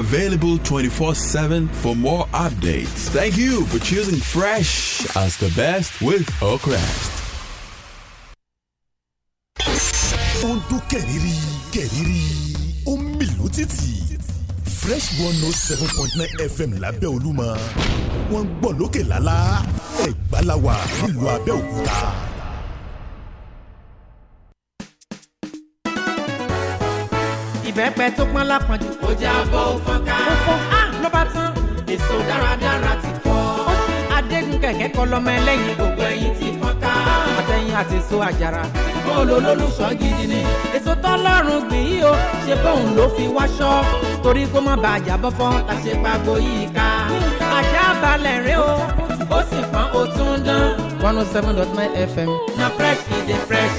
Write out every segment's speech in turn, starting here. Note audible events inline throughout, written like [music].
available 24 7 for more updates. Thank you for choosing Fresh as the best with Oakrest. ó ń dún kẹ̀rìírí kẹ̀rìírí ó fresh 107.9 fm lábẹ́ olúmọ wọ́n ń gbọ́ lókè lálá ẹ̀gbá la wà nílùú abẹ́òkúta. ìbẹ́pẹ tó pọ́n lápọ̀njù. ó jẹ́ abọ́ òfọ́ká. ó á ah, ló bá tán. èso dáradára ti fọ́. ó ní adégún kẹ̀kẹ́ kọ lọ́mọ ẹlẹ́yin. gbogbo ẹyin ti fọ́ká. àtẹ̀yìn àti èso àjàrà. bóòlù olólùṣọ́ gidi ni. èso tọ́lọ́run gbìn yìí o ṣe bóun ló fi wáṣọ. torí kó má bàa jábọ́ fọ́n la ṣe pàgọ́ yìí ká. àṣà balẹ̀ rẹ o ó sì pọ́n ó dán. one oh seven dot nine fm. na fresh e dey fresh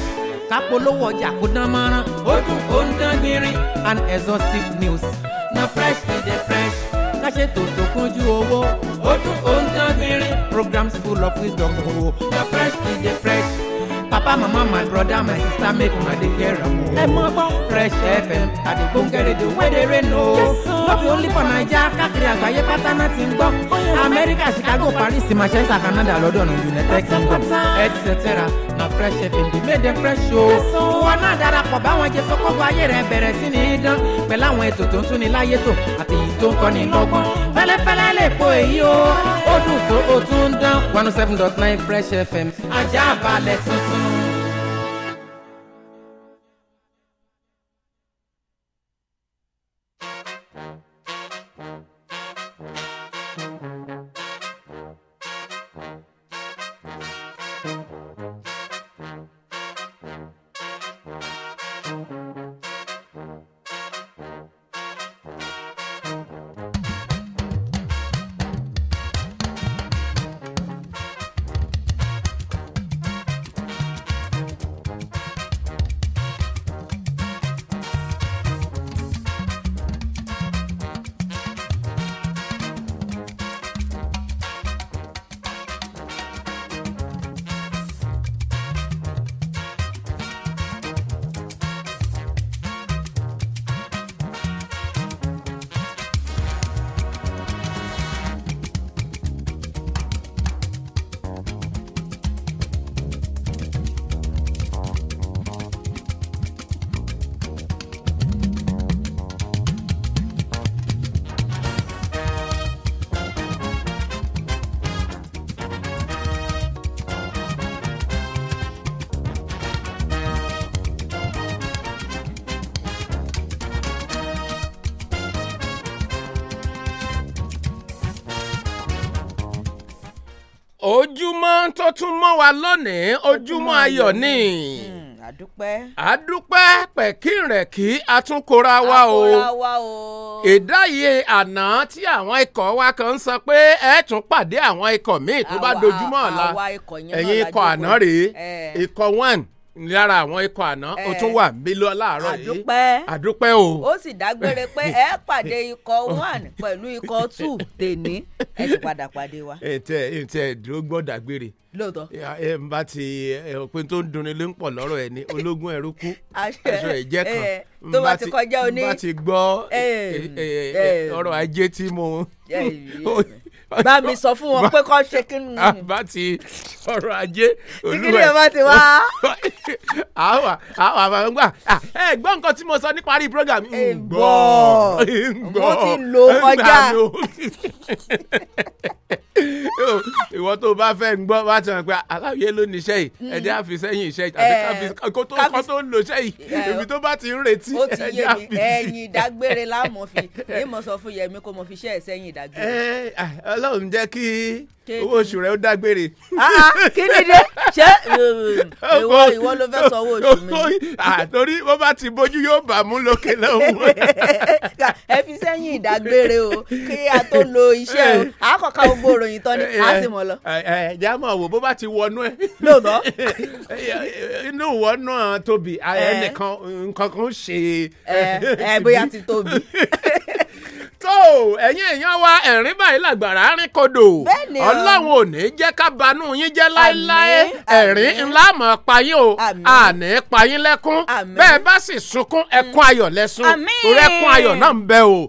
kápolówó ọjà kó dán mọ́rán ó dùn ó ń dán gbinrin an exhaustive news na fresh be the fresh káṣe tòótọ́ kúnjú owó ó dùn ó ń dán gbinrin programs full of wisdom oh. na fresh be the fresh papa mama my brother my sister make una dey hear am o. ẹ mọ gbọ́ fresh fm àdìgbòǹgẹ rédíò wẹ́dẹ̀rẹ́ nù o. lọ́bì only for fọ naija káàkiri àgbáyé pátá náà ti ń gbọ́. Oh, america chicago paris manchester canada london united kingdom etc na fresh fm dey make dem fresh o. Oh. wọn náà darapọ̀ báwọn jẹ sọ́kọ́ bọ́ ayé rẹ̀ bẹ̀rẹ̀ sí ní dán pẹ̀lú àwọn ètò tó ń tún ni láyé tó àtẹ̀yìn tó ń kọ́ni lọ́gbọ́n fẹ́lẹ́fẹ́lẹ́ lè po èyí o ó dùn tó o tún dán one oh seven dot nine fresh fm ajá balẹ̀ tuntun. ohun tó tún mọ́ wa lónìí ojúmọ́ ayọ̀ ni. àdúpẹ́. Hmm, àdúpẹ́ pẹ̀kínrẹ̀kí atúnkora wa o. àkóra wa o. ìdáyé àná tí àwọn ikọ̀ wa kan sọ pé ẹ tún pàdé àwọn ikọ̀ míì tó bá dojúmọ́ ọ̀la ẹ̀yin ikọ̀ àná rèé ikọ̀ one lára àwọn ikọ̀ àná ó tún eh. wà bí lọ láàárọ̀ yìí àdúpẹ́ àdúpẹ́ o. ó sì dágbére pé ẹ pàdé ikọ̀ one pẹ̀lú ikọ̀ two tèmi ẹ ti padà pàdé wa. ètè ètè dúró gbọ́ dágbére. lóòótọ́. ẹ n bá ti òpin tó ń dunni ló ń pọ̀ lọ́rọ̀ ẹ ní ológun ẹrú kú aṣọ ìjẹ́ kan eh, tó bá ti kọjá o n bá ti gbọ́ eh, ọrọ̀ ajé tí mo. [laughs] bá mi sọ fún wọn pé kọ́ ṣe kí ni. àbá ti ọrọ̀ ajé olúwẹ̀ kíkiri ẹ̀ bá ti wá. àwa àwa àwa ń gbà ẹ gbọ́ nǹkan tí mo sọ ní parí program. ẹ gbọ́ mo ti lò kọjá. [laughs] [laughs] ìwọ tó bá fẹ́ ń gbọ́ wá ti hàn pé aláwìyé ló ní iṣẹ́ yìí hmm. ẹ̀jẹ̀ á fi sẹ́yìn iṣẹ́ yìí àti ká fi eh, kó tó kó tó ń lo iṣẹ́ yìí eh, èmi tó bá ti ń retí ẹ̀jẹ̀ á fi sí. ẹ̀yìn ìdágbére láàmú fi [laughs] èyí mo sọ fún Yẹmi kó mo fi iṣẹ́ ẹ̀ sẹ́yìn ìdágbére. Eh, ah, Ọlọ́run jẹ́ kí owó oṣù rẹ ó dágbére. Ah, kí ni dé ṣé ìwọ um, ìwọ ló fẹ́ sọ owó oṣù mi. àtòrí ah, wọ́n bá ti bójú yóò bà mú lókè lọ́hùn. [laughs] ẹ fi sẹ́yìn ìdágbére o kí a tó lo iṣẹ́ o àkọ́kọ́ gbogbo ìròyìn tán ni a sì mọ̀ lọ. Eh, eh, ẹ jẹ́ àmọ́ wò bó bá ti wọnú ẹ. lóòótọ́. [laughs] Eh, inú wọnú tóbi ẹnìkan nǹkan kan ṣe. ẹ bóyá ti tóbi. [laughs] tó ẹ̀yin èèyàn wa ẹ̀rín báyìí làgbàrá rìn kodò ọlọ́run ò ní jẹ́ ká banú yín jẹ́ láéláé ẹ̀rín ńlá mọ̀ payín o àní payín lẹ́kún bẹ́ẹ̀ bá sì sunkún ẹkún ayọ̀ lẹ́sùn torí ẹkún ayọ̀ náà ń bẹ o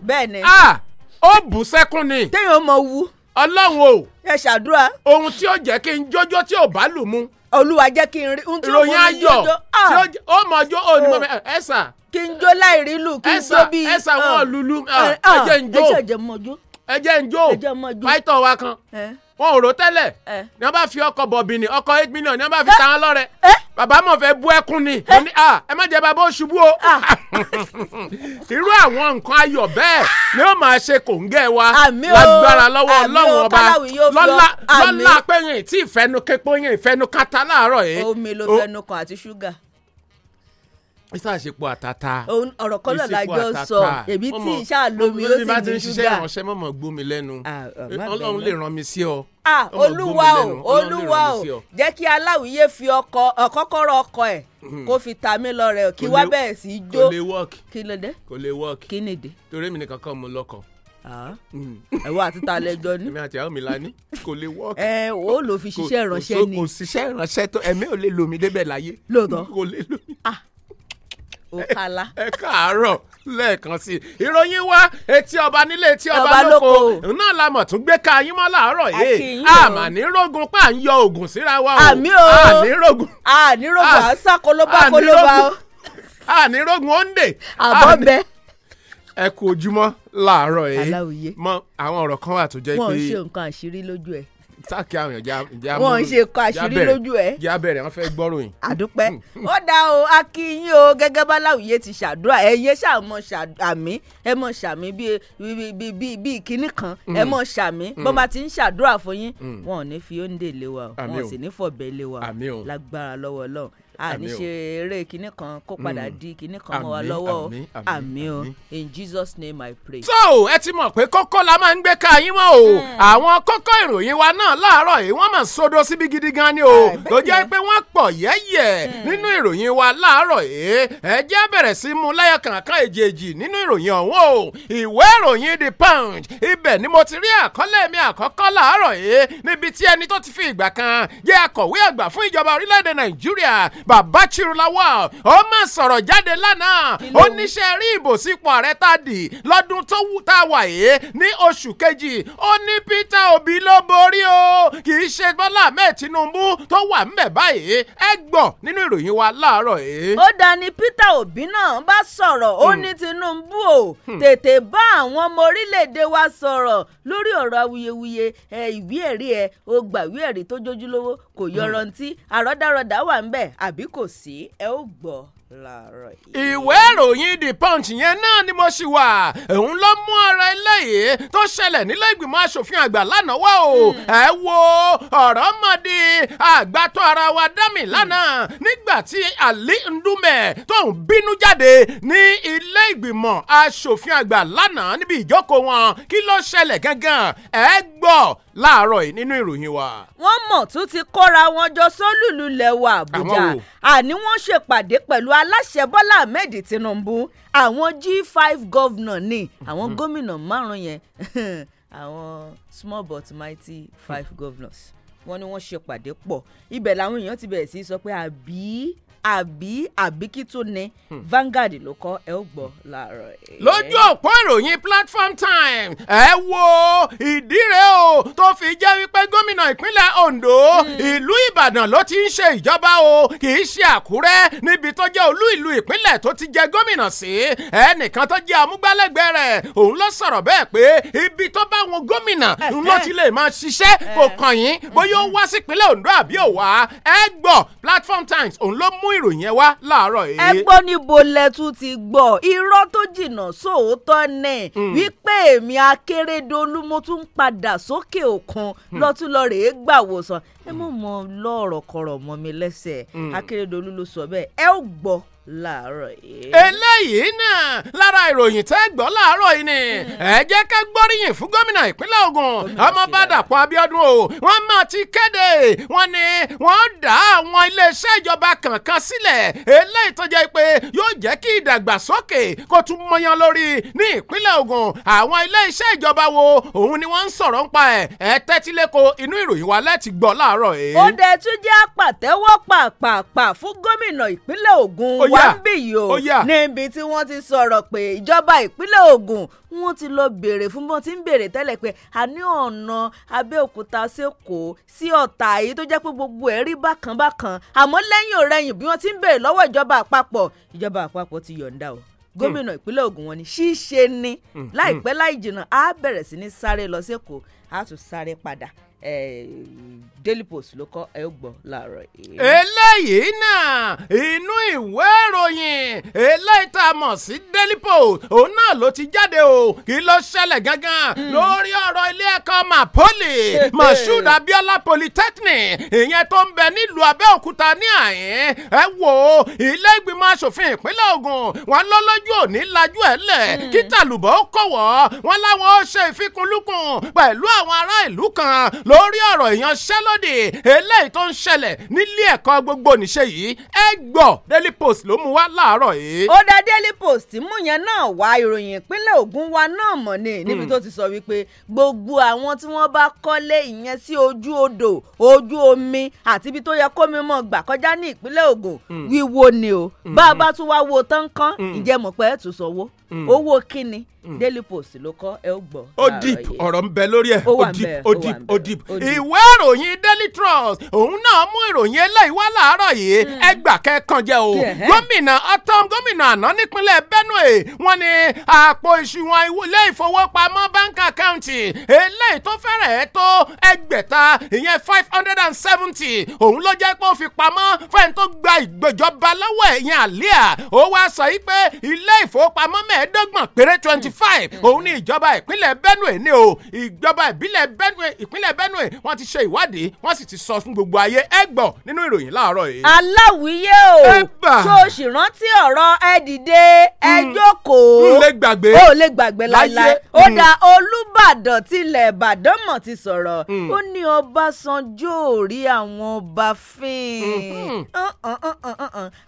ó bù sẹ́kún ni. téèyàn mọ wu. ọlọ́run o. ẹ ṣàdúrà. ohun tí ó jẹ́ kí n jójó tí ò bá lù mu. olúwa jẹ́ kí n rí ohun tí ó mú mi jójó. ìròyìn ayọ̀ ah. tí ó mọ̀ ọjọ́ òní oh. ẹ sà kí n jó láìrílù kí n jó bí. ẹ sà wọn ah, lulu eh, ah, ah, ẹ jẹ́ n jó ẹ jẹ́ mọ jó ẹ jẹ́ n jó fáìtọ̀ wa kan eh. wọn ò rò tẹ́lẹ̀ eh. ní wọ́n bá fi ọkọ̀ bọ̀bìnì ọkọ̀ eight million ní wọ́n bá fi ta wọn lọ́rẹ̀ bàbá mọ̀ fẹ́ bú ẹkún ni ẹ má jẹ́ bàbá ó ṣubú o [laughs] irú àwọn nǹkan ayọ̀ bẹ́ẹ̀ ni ó máa ṣe kòńgẹ́ wa lágbára lọ́wọ́ ọlọ́run ọba lọ́la lọ́la pé yẹn tí ìfẹnukẹ́pọ̀ yẹn ìfẹnukata láàárọ̀ yẹn. omi ló fẹnu kan àti ṣúgà ìsàṣepọ̀ àtàtà ọ̀rọ̀ kan náà lájọ sọ èmi tí ìṣá lomi ó sì ní ṣúgà. bá ti ń ṣiṣẹ́ ìránṣẹ́ mọ̀mọ́ gbómi lẹ́nu ah, ah, ọlọ́run lè rán mi sí ọ. Ah, olúwa o olúwa o jẹ́ kí aláwìyé fi ọkọ ọ̀kọ́kọ́rọ́ ọkọ ẹ̀ hmm. kó fi ta mí lọ́rẹ kí wá bẹ̀rẹ̀ sí jó kí ló dé kò lè wọ́ọ̀kì kí ni dé. torí èmi nìkan kan mo lọ́kọ hmm. ẹ̀wọ́ àti talẹ́jọ ni. èmi àti àwọn mi la ní kò lè wọ́ọ̀kì. ẹ o lò fi ṣiṣẹ́ ìránṣẹ́ ni. kò ṣiṣẹ́ ìránṣẹ́ tó ẹ̀mí ò lè lò mí débẹ̀ láyé. lóòótọ́ kò lè lò òkàlà. ẹ káàárọ̀ lẹ́ẹ̀kan sí ìròyìn wa etí ọba nílé etí ọba lóko náà la mọ̀ tún gbé ka yín mọ́ làárọ̀ yìí àmà ní rógun pa ń yọ oògùn síra wa o àmì o àní rógun àní rógun à ń sá kólóbá kólóbá o àní rógun ó ń dè. àbọ̀ bẹ́ẹ̀ ẹ kú ojúmọ́ láàárọ̀ yìí mọ àwọn ọ̀rọ̀ kan wà tó jẹ́ pé. wọn ò ṣe nǹkan àṣírí lójú ẹ sáàkì àwọn èèyàn já mú wọn ṣe kọ àṣírí lójú ẹ já bẹ̀rẹ̀ wọn fẹ́ gbọ́ròyìn. [laughs] àdúpẹ́ hmm, hmm. ó dá o a kí yín o gẹ́gẹ́ báláwìyé ti ṣàdúrà ẹ yé ṣáà mọ ṣàmì ẹ mọ ṣàmì bíi kínní kan ẹ hmm. mọ ṣàmì bó bá ti ń ṣàdúrà fún yín wọn ò ní fi ó ń dè lé wa wọn ò sì ní fọ̀bẹ lé wa lágbára lọ́wọ́ Ọlọ́run àníṣe eré kinní kan kó padà hmm. di kinní kan mọ́ wa lọ́wọ́ àmì o in Jesus name I pray. so ẹ ti mọ̀ pé kókó la máa ń gbé ká yín mọ́ o hmm. àwọn kókó ìròyìn wa náà láàárọ̀ yìí wọ́n máa sodo síbi gidi gan ni o ah, tó jẹ́ pé wọ́n pọ̀ yẹ́yẹ́ hmm. nínú ìròyìn wa láàárọ̀ yìí ẹ jẹ́ bẹ̀rẹ̀ sí mú lẹ́yọ kàǹkà èjèèjì nínú ìròyìn ọ̀hún o ìwé ìròyìn the punch ibẹ̀ ni mo ti rí àkọlé mi àkọ́kọ́ láàárọ̀ yìí níbi tí ẹni tó ti fi ìgbà kan jẹ́ akọ̀wé àgbà fún ìjọba orílẹ̀ bàbá chirulawa ó mà sọ̀rọ̀ jáde lánàá ó níṣẹ́ rí ìbò sípò ààrẹ tá a dì lọ́dún tó wù tá a wà yé ní oṣù kejì ó ní Peter Obi ló borí o kì ṣe Bọ́lá Ahmed Tinubu tó wà ńbẹ̀ báyìí ẹ gbọ́ nínú ìròyìn wa láàárọ̀ yìí. ó dání Peter Obi náà bá sọ̀rọ̀ ó ní hmm. Tinubu o hmm. tètè bá àwọn ọmọ orílẹ̀-èdè wa sọ̀rọ̀ lórí ọ̀rọ̀ awuyewuye ìwé ẹ̀rí ẹ̀ o gbà àbí kò sí ẹ ó gbọ́ làárọ̀ ìwé ìròyìn the punch yẹn náà ni mo ṣì wà òun ló mú ọ̀rọ̀ eléyìí tó ṣẹlẹ̀ nílé ìgbìmọ̀ asòfin àgbà lánàá wá o hmm. ẹ wo ọ̀rọ̀ mọ̀dí àgbàtọ́ ara wa dámì lánàá hmm. nígbà tí Ali Ndume tó ń bínú jáde ní ilé ìgbìmọ̀ asòfin àgbà lánàá níbi ìjókòó wọn kí ló ṣẹlẹ̀ gangan ẹ gbọ́ láàárọ̀ yìí nínú ìròyìn wa. wọ́n mọ̀ tún ti kóra wọn jọ sólùlù lẹ́wọ̀ àbújá àní wọ́n ṣèpàdé pẹ̀lú aláṣẹ bọ́lá ahmed tinubu àwọn g5 gọ́vnà ni àwọn hmm. gómìnà márùn yẹn [laughs] àwọn small but mighty five governors wọ́n ní wọ́n ṣèpàdé pọ̀ ibẹ̀ làwọn èèyàn ti bẹ̀rẹ̀ sí sọ pé àbí àbí àbíkítú ni hmm. Vanguard ló kọ́ ẹ ó gbọ́ láàárọ̀. lójú òpó ìròyìn platform time ẹ wo ìdíre o tó fi jẹ́ wípé gómìnà ìpínlẹ̀ Ondo hmm. ìlú Ìbàdàn ló ti ń ṣe ìjọba o kì í ṣe Àkúrẹ́ níbi tó jẹ́ olú ìlú ìpínlẹ̀ tó ti jẹ gómìnà sí ẹnìkan tó jẹ́ amúgbálẹ́gbẹ̀ẹ́ rẹ̀ òun ló sọ̀rọ̀ bẹ́ẹ̀ pé ibi tó bá wọn gómìnà ló ti lè máa ṣiṣẹ́ kò kàn yín bóyá ó wá sípínlẹ̀ Ondo àbí ó wá ẹ gbọ́ Platform Times òun ló mú ìròyìn ẹ wá láàárọ̀ yìí. ẹ gbọ́ níbo lẹ tún ti gbọ́ irọ́ tó jìnnà sóòótọ́ nẹ̀ hmm. wípé èmi akérèdọ́lù mo tún ń padà sókè òkun hmm. lọ́tún lọ rèé gbà wòsàn ẹ hmm. mọ̀ mọ́ lọ́ọ̀rọ̀ mọ́ mi lẹ́sẹ̀ akérèdọ́lù ló sọ bẹ́ẹ̀ ẹ ó gbọ́ láàárọ̀ yìí. eléyìí náà lára ìròyìn tẹ́ gbọ́ láàárọ̀ yìí ni hmm. ẹ jẹ́ ká gbóríyìn fún gómìnà ìpínlẹ̀ Ògùn ọmọọba Dàpọ̀ Abíọ́dún o wọ́n máa ti kéde wọ́n ní wọ́n dá àwọn iléeṣẹ́ ìjọba kankan sílẹ̀ eléyìí tó jẹ́ pé yóò jẹ́ kí ìdàgbàsókè kó tún mọyán lórí ní ìpínlẹ̀ Ògùn àwọn iléeṣẹ́ ìjọba wo òun ni wọ́n ń sọ̀rọ̀ ń pa ẹ̀ ẹ tẹ́tí lẹ́kọ̀ọ́ inú ìròyìn wa láti gbọ́ láàárọ̀ yìí. ó dẹ̀ tún jẹ́ àpàtẹ́wọ́ pàápàá fún gómìnà ìpínlẹ̀ Ògùn wá ń bì yìí o níbi tí wọ́n ti sọ̀rọ̀ pé ìjọba ìpínlẹ̀ Ògùn wọ́n ti lọ béèrè fún bọ́n ti ń béèrè tẹ́lẹ̀ pé a ní ọ̀nà Abẹ́òkúta sẹ́kọ̀ọ́ sí Ọ̀tà èyí tó jẹ́ pé gbogbo ẹ̀ rí bákan bákan àmọ́ lẹ́yìn òrẹ́yìn bí wọ́n ti ń béèrè lọ́wọ́ ìjọba àpapọ̀ ìjọba àpapọ̀ ti yọ̀ǹda o gómìnà hmm. ìpínlẹ̀ Ògùn wọn ni ṣíṣe ni hmm. láìpẹ́ hmm. láì jìnnà á bẹ̀rẹ̀ sí ní sáré lọ sẹ́kọ̀ọ́ á tún sáré padà Eh, Daily Post ló kọ ẹ ó gbọ́ láàárọ̀ yìí. eléyìí náà inú ìwé ìròyìn eléyìí tá a mọ̀ sí Daily Post òun náà ló ti jáde o kí ló ṣẹlẹ̀ gangan hmm. lórí ọ̀rọ̀ ilé ẹ̀kọ́ mapoli [laughs] Mashood Abiola Polytechnic ìyẹn tó ń bẹ nílùú Abẹ́òkúta ní àyín ẹ wo ilé ìgbìmọ̀ asòfin ìpínlẹ̀ Ògùn wọn lọ lójú òní lajú ẹ̀ lẹ̀ hmm. kí tàlùbọ̀ ó kọ̀wọ́ wọn láwọn ó ṣe ìfikùnlukùn pẹ̀lú àwọn ará ìlú kan l lórí ọ̀rọ̀ ìyanṣẹ́lódì eléyìí tó ń ṣẹlẹ̀ nílé ẹ̀kọ́ gbogbo níṣe yìí ẹ gbọ́ Daily Post ló mú wá láàárọ̀ yìí. ó dá Daily Post mú yẹn náà wá ìròyìn ìpínlẹ̀ Ògùn wa náà mọ̀ ni hmm. níbi tó ti sọ wípé gbogbo àwọn tí wọ́n bá kọ́lé ìyẹn sí ojú odò ojú omi àti ibi tó yẹ kómi mọ̀ gbà kọjá ní ìpínlẹ̀ Ògùn hmm. wíwo ni o hmm. bá a bá tún wá wo tán kán ìjẹ́mọ̀pẹ́ ẹ̀ tún sọ owó owó kíni Mm. Daily Post ló kọ́ ẹ ó gbọ́. ó deep ọ̀rọ̀ ń bẹ lórí ẹ̀ ó deep ó deep ó deep ìwé ìròyìn dé daily trust òun náà mú ìròyìn eléyìí wá láàárọ̀ yìí hmm. ẹgbà kẹ́kàn o gómìnà ọtọ́m gómìnà àná nípínlẹ̀ Benue wọ́n ní àpò ìṣùwọ̀n ilé ìfowópamọ́ bank account eléyìí tó fẹ́rẹ̀ẹ́ tó ẹgbẹ̀ta ìyẹn five hundred and seventy òun ló jẹ́ pé ó fi pamọ́ fẹ́ni tó gba ìgbẹ́jọba lọ́wọ́ ẹ̀yìn àlíà ó wá sọ yìí pé ilé ìfowópamọ́ mẹ́ẹ̀ẹ́dọ́gbọ̀n péré twenty five hmm. òun ni ìjọba ìpínlẹ̀ Benue ní o ìjọba ìbílẹ̀ Benue ìpínlẹ̀ Benue wọ́n ti ṣe ìwádìí wọ́n wọ́n sì ti sọ fún gbogbo ayé ẹ gbọ́ nínú ìròyìn láàárọ̀ yìí. aláwìyé o tó o sì rántí ọ̀rọ̀ ẹ dìde ẹ hmm. jókòó o hmm, lè gbàgbé o lè gbàgbé láíláí hmm. ó dá olùbàdàn tilẹ̀ ìbàdàn mọ̀ ti sọ̀rọ̀ ó ní ọbásanjọ́ ò rí àwọn ọba fín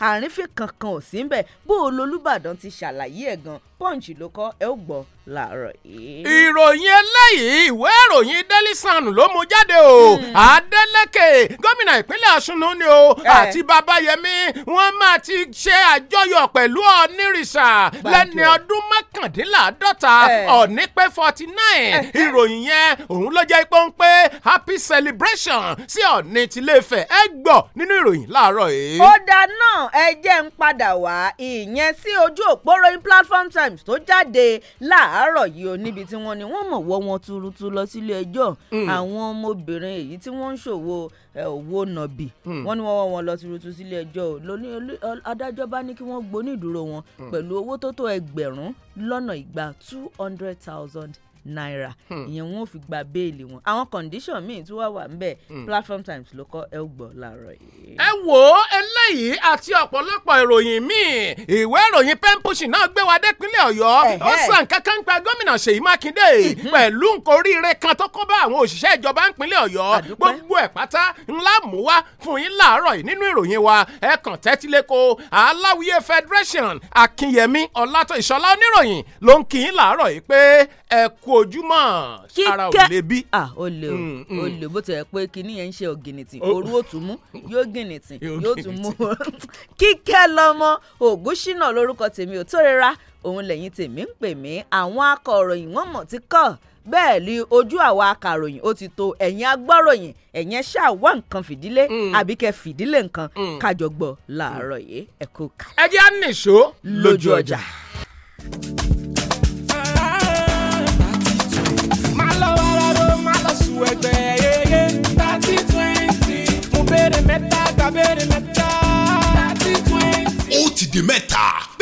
àrífín kankan ò sí ń bó o lolúbàdàn ti ṣàlàyé ẹ̀ gan punch ló kọ́ ẹ ó gbọ́ làárọ̀ yìí. ìròyìn eléyìí ìwé ìròyìn daily sun ló mú jáde o hmm. Adeleke gómìnà ìpínlẹ̀ Ọ̀ṣun ni o eh. àti Babayemi wọ́n máa ti ṣe àjọyọ̀ pẹ̀lú Ọ̀nìrìṣà lẹ́ni ọdún mọ́kàndínláàádọ́ta Ọ̀ní eh. pé forty nine eh. ìròyìn yẹn òun ló jẹ́ pé ń pé happy celebration sí Ọ̀ní tìlẹ́fẹ̀ ẹ gbọ́ nínú ìròyìn láàárọ̀ yìí. ó dáa náà ẹ jẹ́ ń padà wá ìyẹn sí ojú òpó ròyìn platform time Times tó jáde láàárọ̀ yìí ó níbi tí wọ́n ní wọ́n mọ̀ wọ́ wọn tuurutu lọ sílé ẹjọ́ hmm. àwọn ọmọbìnrin èyí tí wọ́n ń ṣòwò owó nàbì hmm. wọ́n ní wọ́n wọ́ wọn lọ tuurutu sílé ẹjọ́ lóní adájọ́ bá ní kí wọ́n gbonídùúró wọn hmm. pẹ̀lú owó tó tó ẹgbẹ̀rún lọ́nà ìgbà two hundred thousand náírà hmm. ìyẹn wọn ò fi gba béèlì wọn àwọn condition míì tí wọ́n wà ńbẹ̀ hmm. platform times ló kọ́ ẹ gbọ́ làárọ̀ yìí. ẹ wo eléyìí àti ọ̀pọ̀lọpọ̀ ìròyìn míì ìwé ìròyìn pen pushing náà gbé wa dépínlẹ̀ ọ̀yọ́ ó sàn kankan gba gómìnà ṣèyí mákindé hmm. pẹ̀lú nǹkan oríire kan tó kó bá àwọn òṣìṣẹ́ ìjọba ńpínlẹ̀ ọ̀yọ́ gbogbo ẹ̀ pátá ńlá mú wá fún yín láàárọ̀ yìí nínú ìròyìn wa ẹ kàn tẹ́tíléko aláwíyé federation akínyẹmí ọlátọ ìṣọlá oníròyìn ló ń kí yín láàárọ̀ yìí pé ẹ kú ojoojúmọ́ ara ò lè bí. à lè o mm, mm. ó lè bó tilẹ̀ pé kinní yẹn ń ṣe ògìnìtì òru oh. ó tún mú yóò gìnìtì yóò tún mú [laughs] kíkẹ́ lọ́mọ ògúnṣínà lórúkọ tèmi ò tó rẹra òun lẹ́yìn tèmi ń pè mí àwọn akọ̀ròyìn wọ́n mọ̀ ti kọ́ bẹ́ẹ̀ ni ojú àwa akàròyìn ó ti tó ẹ̀yin agbọ́ròyìn ẹ̀yin ṣáà wá nǹkan fìdílé mm. àbí kẹ́ fìdílé nǹkan kájọgbọ́ làárọ̀ yìí ẹ̀kú ká. ẹ jẹ́ àníṣó lójú ọjà. ju ẹgbẹ́ yeye. thirty twenty. mo béèrè mẹ́ta gba béèrè mẹ́ta. thirty twenty. ó ti di mẹ́ta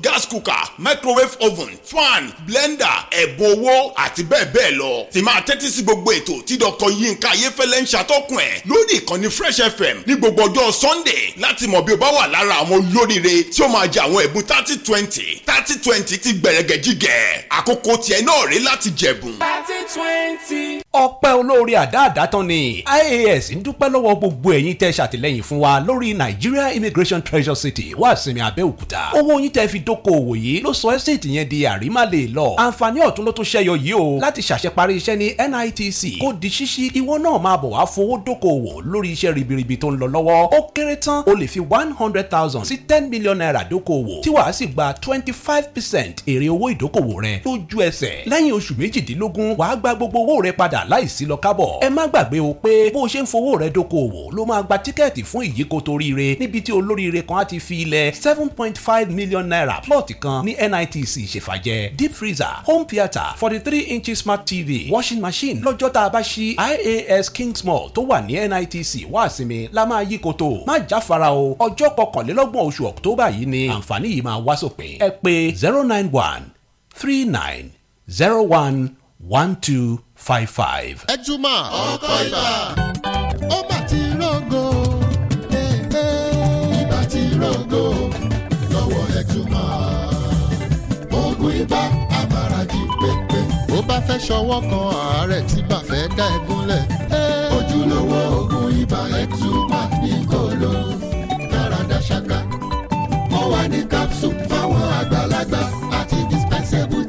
gas cooker microwave oven fan blender ẹ̀bùn owó àti bẹ́ẹ̀ bẹ́ẹ̀ lọ. tí máa tẹ́tí sí gbogbo ètò tí dr yinka ayéfẹ́lẹ́ ń ṣàtọ́kùn ẹ̀ lórí ìkànnì fresh fm ní gbogbo ọjọ́ sunday láti mọ̀ bí o bá wà lára àwọn olóríire tí ó máa jẹ àwọn ẹ̀bùn thirty twenty thirty twenty ti gbẹ̀rẹ̀gẹ̀ jíjẹ àkókò tiẹ̀ náà rí láti jẹ̀bùn. thirty twenty. ọpẹ́ olórí àdáàdá tán ni ias ń dúpẹ́ lọ́wọ́ gbogbo ẹ̀yin tẹ́ ṣàtìlẹ́yìn fún wa lórí nigeria immigration treasure city wàásìmí abẹ́òkúta owó yín tẹ́ fi ìdókòòwò yìí ló sọ ẹ́sẹ̀tì yẹn di àrímàlè lọ àǹfààní ọ̀tún ló tún ṣẹyọ yìí o láti ṣàṣeparí iṣẹ́ ní NITC kó di ṣíṣí ìwọ náà máa bọ̀ wá fowó dókòòwò lórí iṣẹ́ ribiribi tó ń lọ lọ́wọ́ ó kéré tán o lè fi one hundred thousand sí ten million naira dókòòwò tí wàá sì gba twenty five percent èrè owó ìdókòòwò rẹ lójú ẹsẹ̀ lẹ́yìn oṣù méjìdínlógún wàá gba gbogbo owó rẹ padà láìsí lọ kábọ̀ ẹ má gbàgbé o pé bó o ṣe ń fowó rẹ dókòòwò ló máa gba tíkẹ́ẹ̀tì fún ìyíkótoríire níbi tí olóríire kan á ti fi ilẹ̀ seven point five million naira naira plọ̀tì kan ní NITC ṣèfàjẹ́ deep freezer home theatre forty three inch smart tv washing machine lọ́jọ́ tá a bá ṣí IAS Kings Mall tó wà ní NITC wá àsinmi la máa yí koto má jáfara o ọjọ́ kọkànlélọ́gbọ̀n oṣù October yìí ni àǹfààní yìí máa wá sópin ẹ pè zero nine one three nine zero one one two five five. ẹ jùmọ̀ ọkọ̀ ibà ó mà ti bá fẹ́ ṣọwọ́ kan àárẹ̀ tí bá fẹ́ dá ẹ gúnlẹ̀. ojúlówó oògùn ibà eczuma ní kòló dáradá ṣáká. ó wà ní capsule fáwọn àgbàlagbà àti dispensable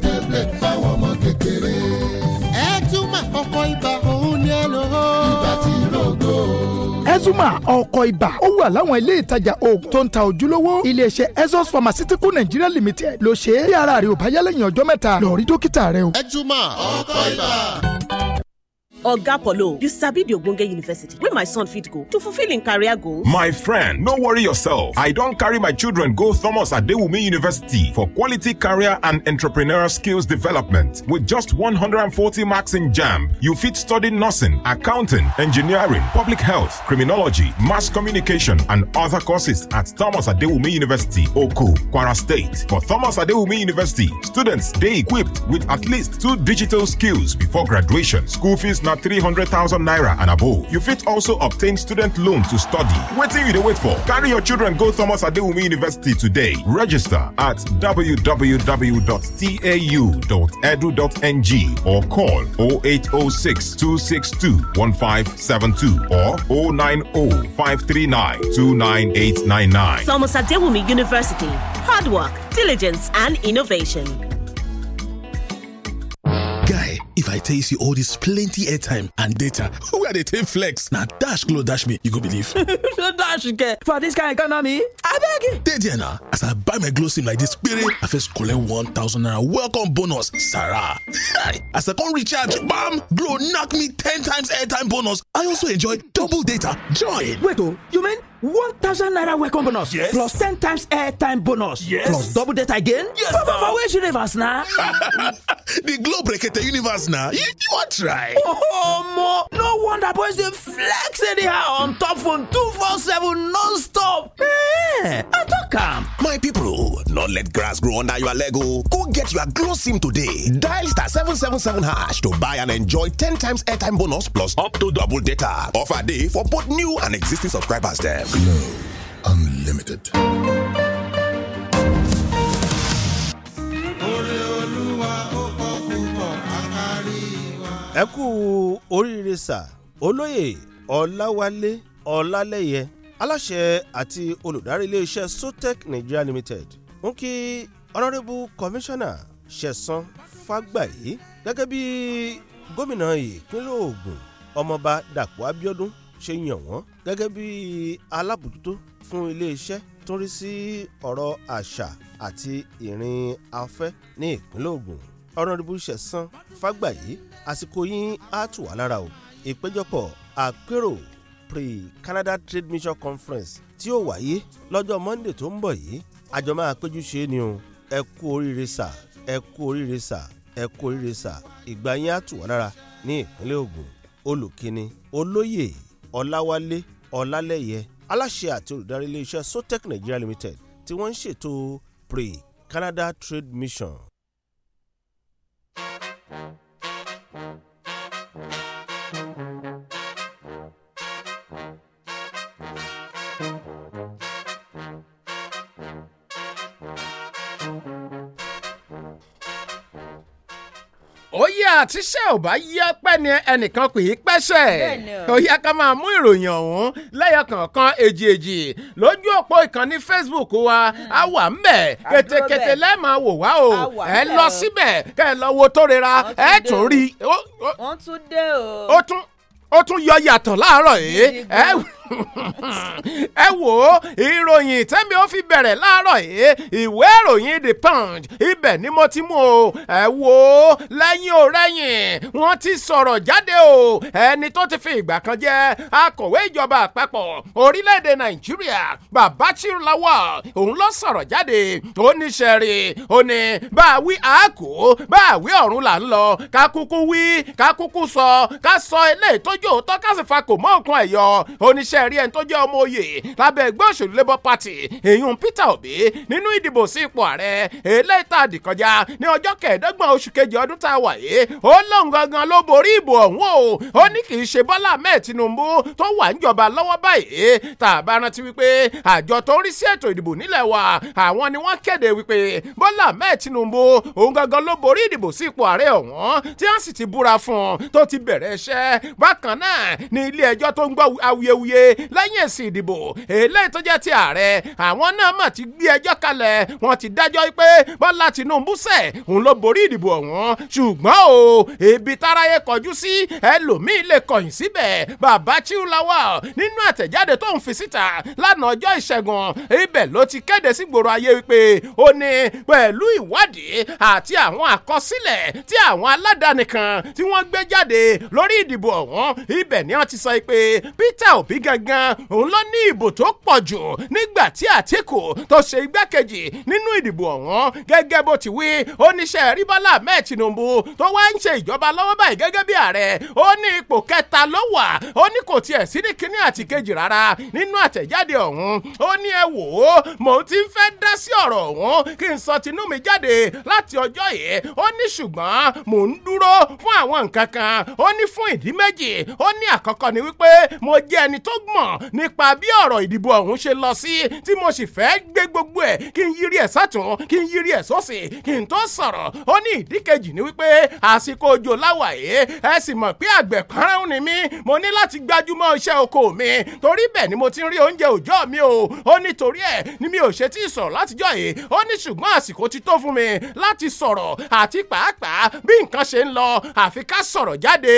ezuma ọkọ̀ ibà ó wà láwọn ilé ìtajà oògùn tó ń ta ojúlówó iléeṣẹ́ ezos pharmaceutical nigeria limited ló ṣe é bí ara rẹ ò bá yá lẹ́yìn ọjọ́ mẹ́ta lọ rí dókítà rẹ o. ezuma ọkọ̀ ibà. oga polo you sabi di ogbonge university Where my son fit go to fulfill in career goals. my friend no worry yourself i don't carry my children go thomas adewumi university for quality career and entrepreneurial skills development with just 140 marks in jam you fit study nursing accounting engineering public health criminology mass communication and other courses at thomas adewumi university Oku, kwara state for thomas adewumi university students stay equipped with at least two digital skills before graduation school fees na 300,000 naira and above. You fit also obtain student loan to study. Waiting you to wait for. Carry your children go Thomas Adewumi University today. Register at www.tau.edu.ng or call 0806 262 1572 or 090 539 Thomas Adewumi University. Hard work, diligence, and innovation. if i tell you see all this, plenty airtime and data wey i dey take flex Now dash glow dash me you go believe [laughs] dash get for dis kain economy I beg. dey there now. as i buy my glow sim like this kpere i first collect 1000 naira welcome bonus sarah [laughs] as i come recharge bam glow knock me 10 times airtime bonus i also enjoy double data join wait o oh, you mean 1000 naira welcome bonus yes plus 10 times airtime bonus yes plus double data again yes for which universe now? [laughs] the globe the universe now. you wan try oh mo no wonder boys dey flex anyhow on top phone 247 non-stop Hey, eh, i tok am my people, not let grass grow under your lego. Oh. go get your glow sim today dial star 777 hash to buy and enjoy 10 times airtime bonus plus up to double data offer day for both new and existing subscribers dem Glow Unlimited. ẹ kú oríire sà olóyè ọláwálé ọlálẹyẹ aláṣẹ àti olùdarí iléeṣẹ́ sotec nigeria limited ń kí honourable commissioner ṣẹ̀san fàgbàyí gẹ́gẹ́ bí gómìnà ìpínlẹ̀ ògùn ọmọọba dàpọ̀ abíọ́dún ṣe yàn wọ́n gẹ́gẹ́ bí alábòjútó fún iléeṣẹ́ tó ń rí sí ọ̀rọ̀ àṣà àti ìrìn afẹ́ ní ìpínlẹ̀ Ògùn ọ̀rọ̀dìbò ṣẹ̀san fàgbàyé àsìkò yín á tù wá lára o ìpéjọpọ̀ àpérò pre-Canada Trade Mission Conference tí ó wáyé lọ́jọ́ Monday tó ń bọ̀ yìí àjọ máa péjú ṣe é ni o ẹ kú oríire sà ẹ kú oríire sà ẹ kú oríire sà ìgbà yín á tù wá lára ní ìpínlẹ̀ Ògùn olùkíni olóyè ọláwálé ọlálẹ́yẹ aláṣẹ àti olùdarí iléeṣẹ́ sotec nigeria limited tí wọ́n ń ṣètò pre canada trade mission. ó yá àtiṣẹ́ ò bá yí ọpẹ́ ni ẹnìkan kì í pẹ́sẹ̀ ó yá ká máa mú ìròyìn ọ̀hún lẹ́yọ kọ̀ọ̀kan èjì èjì lójú òpó ìkànnì Facebook wa a wà ń bẹ̀ kètèkètè lẹ́ẹ̀ máa wò wá o ẹ lọ síbẹ̀ kẹ́ ẹ lọ wo tó rira ẹ tún rí i. ó tún dé o. ó tún yọ yàtọ̀ láàárọ̀ yìí ẹ wò ó ìròyìn tẹ́mi ó fi bẹ̀rẹ̀ láàárọ̀ yìí ìwé ìròyìn the punch ibẹ̀ ni mo ti mú o ẹ wò ó lẹ́yìn ò rẹ́yìn wọ́n ti sọ̀rọ̀ jáde o ẹni tó ti fi ìgbà kan jẹ́ akọ̀wé ìjọba àpapọ̀ orílẹ̀-èdè nàìjíríà Babachir Lawal òun ló sọ̀rọ̀ jáde ó ní sẹ́rí ó ní bá a wí àákò bá a wí ọ̀run là ń lọ ká kúkú wí ká kúkú sọ ká sọ eléyìí tójú òótọ́ ká sì fa kò mọ́ òkun ẹ̀yọ oníṣẹ́ ṣe rí ẹni tó jẹ́ ọmọ oyè lábẹ́ ẹgbẹ́ òṣèlú labour party èyún peter obi nínú ìdìbò sí ipò ààrẹ eléyìí tá a dì kọjá ní ọjọ́ kẹẹ̀ẹ́dọ́gbọ̀n oṣù kejì ọdún tá a wà yìí ó lóun gangan ló borí ìbò ọ̀hún o ó ní kì í ṣe bọ́lá ahmed tinubu tó wà ń jọba lọ́wọ́ báyìí tá a bá rántí wípé àjọ tó ń rí sí ètò ìdìbò nílẹ̀ wa àwọn ni wọ́n kéde wípé bọ́lá ahmed tinubu òun gangan ló borí ìdìbò sí ipò ààrẹ ọ̀hún tí wọ́n sì ti búra fún un tó ti bẹ̀rẹ̀ iṣẹ́ bákan náà ní ilé ẹjọ́ tó ń gbọ́ awuyewuye lẹ́yìn èsì ìdìbò eléyìí tó jẹ́ ti ààrẹ àwọn náà mà ti gbé ẹjọ́ kalẹ̀ wọ́n ti dájọ́ pé bọ́lá tìǹbù sẹ̀ òun ló borí ìdìbò ọ̀hún ṣùgbọ́n o ibi táráyé kọjú sí ẹlòmíì lè kọ̀yìn síbẹ̀ bàbá chiulawa nínú àtẹ̀jáde tó ń fi síta lánàá ọjọ́ ìṣẹ́gun ibẹ̀ ló ti kéde sígboro ayé wípé ó ní pẹ̀lú ìwádìí àti àwọn àkọsílẹ̀ tí àwọn aládàáni kan tí wọ́n gbé jáde lórí ìdìbò ọ̀hún ibẹ̀ ni wọ́n ti sọ pé Peter Obi gan nàìjíríà gan òun ló ní ìbò tó pọ̀ jù nígbà tí àtìkù tó ṣe igbákejì nínú ìdìbò ọ̀hún gẹ́gẹ́ bó ti wí oníṣẹ́ ríbọ́lá ahmed tinubu tó wá ń ṣe ìjọba lọ́wọ́ báyìí gẹ́gẹ́ bí ààrẹ ó ní ipò kẹta ló wà ó ní kò tiẹ̀ sí ní kíní àti kejì rárá nínú àtẹ̀jáde ọ̀hún ó ní ẹ wò ó mò ń ti fẹ́ dá sí ọ̀rọ̀ ọ̀hún kí n sọ tinú mi jáde láti ọjọ́ yìí ó ní ṣùgbọ́n mò ń dúró fún àwọn nǹkan kan ó ní fún ìdí méjì ó ní àkọ́kọ́ ni wípé mo jẹ́ ẹni tó mọ̀ nípa bí ọ̀rọ̀ ìdìbò ọ̀hún ṣe lọ sí tí mo sì fẹ́ gbé gbogbo ẹ̀ kí n yiri ẹ̀ sátún kí n yiri ẹ̀ sósì kí n tó sọ̀rọ̀ ó ní ìdí kejì ni wípé àsìkò òjò láwàyé ẹ sì mọ̀ pé àgbẹ̀ karùn-ún ni mí mo ní láti gbájúmọ́ iṣẹ́ oko mi torí bẹ́ẹ̀ ni mo ti ń rí oúnjẹ òòjọ́ mi o ó ní torí ẹ̀ ni mi ò ṣe tí sọ̀rọ̀ látijọ́ yìí ó ní ṣùgbọ́n àsìkò ti tó fún mi láti sọ̀rọ̀ àti pàápàá bí nǹkan ṣe ń lọ àfi ká sọ̀rọ̀ jáde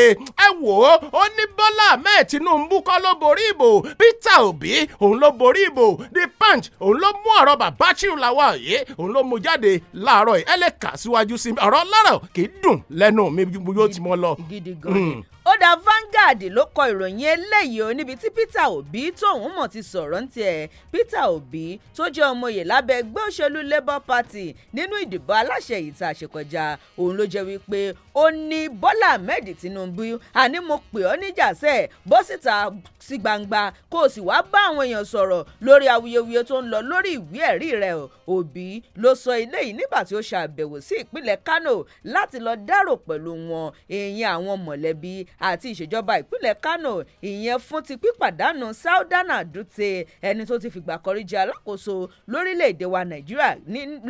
ẹ wò ó ó ní Bọ́lá Ahmed Tinubu kọ́ ló borí ìbò Peter Obi òun ló borí ìbò The Punch òun ló mú ọ̀rọ̀ bàbá Chiu Lawal òun ló mú jáde láàárọ̀ ẹ̀ síwájú sí ọ̀rọ̀ lọ́rọ̀ kì í dùn lẹ́nu mi yóò ti mọ́ lọ ó dá Vanguard ló kọ ìròyìn eléyìí o níbi tí Peter Obi tóun mọ̀ ti sọ̀rọ̀ ní tiẹ̀ Peter Obi tó jẹ́ ọmọye lábẹ́ ẹgbẹ́ òṣèlú Labour Party nínú ìdìbò aláṣẹ èyí tá a ṣe kọjá òun ló jẹ́ wípé ó ní Bọ́lá Ahmed Tinubu àní mo pè ọ́ níjàsẹ́ bọ́ síta sí gbangba kó o sì wá bá àwọn èèyàn sọ̀rọ̀ lórí awuyewuye tó ń lọ lórí ìwé ẹ̀rí rẹ̀ Obi ló sọ eléyìí nígbà tí ó ṣàbẹ̀wò sí ìpínlẹ̀ Kano láti lọ dárò pẹ̀lú wọn èèyàn àwọn mọ̀lẹ́bí àti ìṣèjọba ìpínlẹ̀ Kano ìyẹn fún ti pípàdánù Saudana Dute ẹni tó ti fìgbà kọrí jẹ alákòóso lórílẹ̀‐èdè wa Nàìjíríà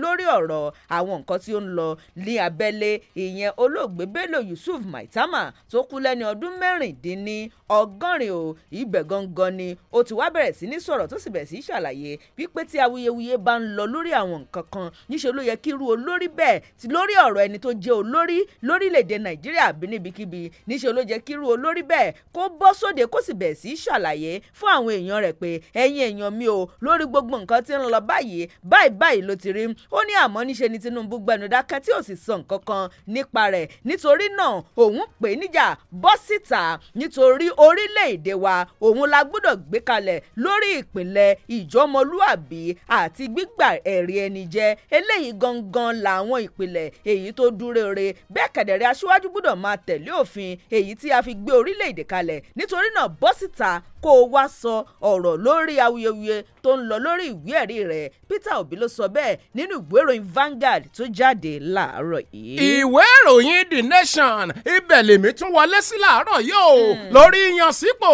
lórí ọ̀rọ̀ àwọn nǹkan tí ó ń lọ ní abẹ́lé ìyẹn olóògbé Bello Yusuf Maitama tó kú lẹ́ni ọdún mẹ́rìndínní ọgọ́rin o ibẹ̀ gangan ni ó ti wá bẹ̀rẹ̀ sí ní sọ̀rọ̀ tó sì bẹ̀rẹ̀ sí í ṣàlàyé wípé tí awuyewuye bá ń lọ lórí àwọn nǹkan kan níṣẹ́ ló yẹ kí irú olórí bẹ́ẹ̀ lórí ọ̀rọ̀ ẹni tó jẹ́ olórí lórílẹ̀‐èdè Nàìjíríà bí níbikíbi níṣẹ́ ló jẹ ṣe kírú olórí bẹ́ẹ̀ kó bọ́ sóde kó sì bẹ̀ sí ṣàlàyé fún àwọn èèyàn rẹ̀ pé ẹ̀yin èèyàn mi o lórí gbogbo nǹkan tí ń lọ báyìí báyìí báyìí ló ti rí ó ní àmọ́ níṣe ni Tinubu gbẹnu dákẹ́ tí ò sì sọ nǹkan kan nípa rẹ̀ nítorí náà òun pè níjà bọ́ síta nítorí orílẹ̀-èdè wa òun la gbọ́dọ̀ gbé kalẹ̀ lórí ìpìlẹ̀ ìjọmọlúàbí àti gbígbà ẹ̀rí ẹni jẹ́ eléyìí gangan làwọn ìpìlẹ̀ èyí tó dúró re bẹ́ẹ̀ kẹ̀dẹ̀rẹ́ aṣíwájú gbọ́dọ̀ máa tẹ̀lé òfin èyí tí a fi gbé orílẹ̀-èdè kalẹ̀ nítorí náà bọ́ síta kó o wá sọ ọ̀rọ̀ lórí awuyewuye tó ń lọ lórí ìwé ẹ̀rí rẹ̀ Peter Obi ló sọ bẹ́ẹ̀ nínú ìwé ìròyìn Vanguard tó jáde láàárọ̀ yìí. ìwé ìròyìn The Nation ibẹ̀ lèmi tún wọlé sí láàárọ̀ yìí o hmm. lórí ìyànsípò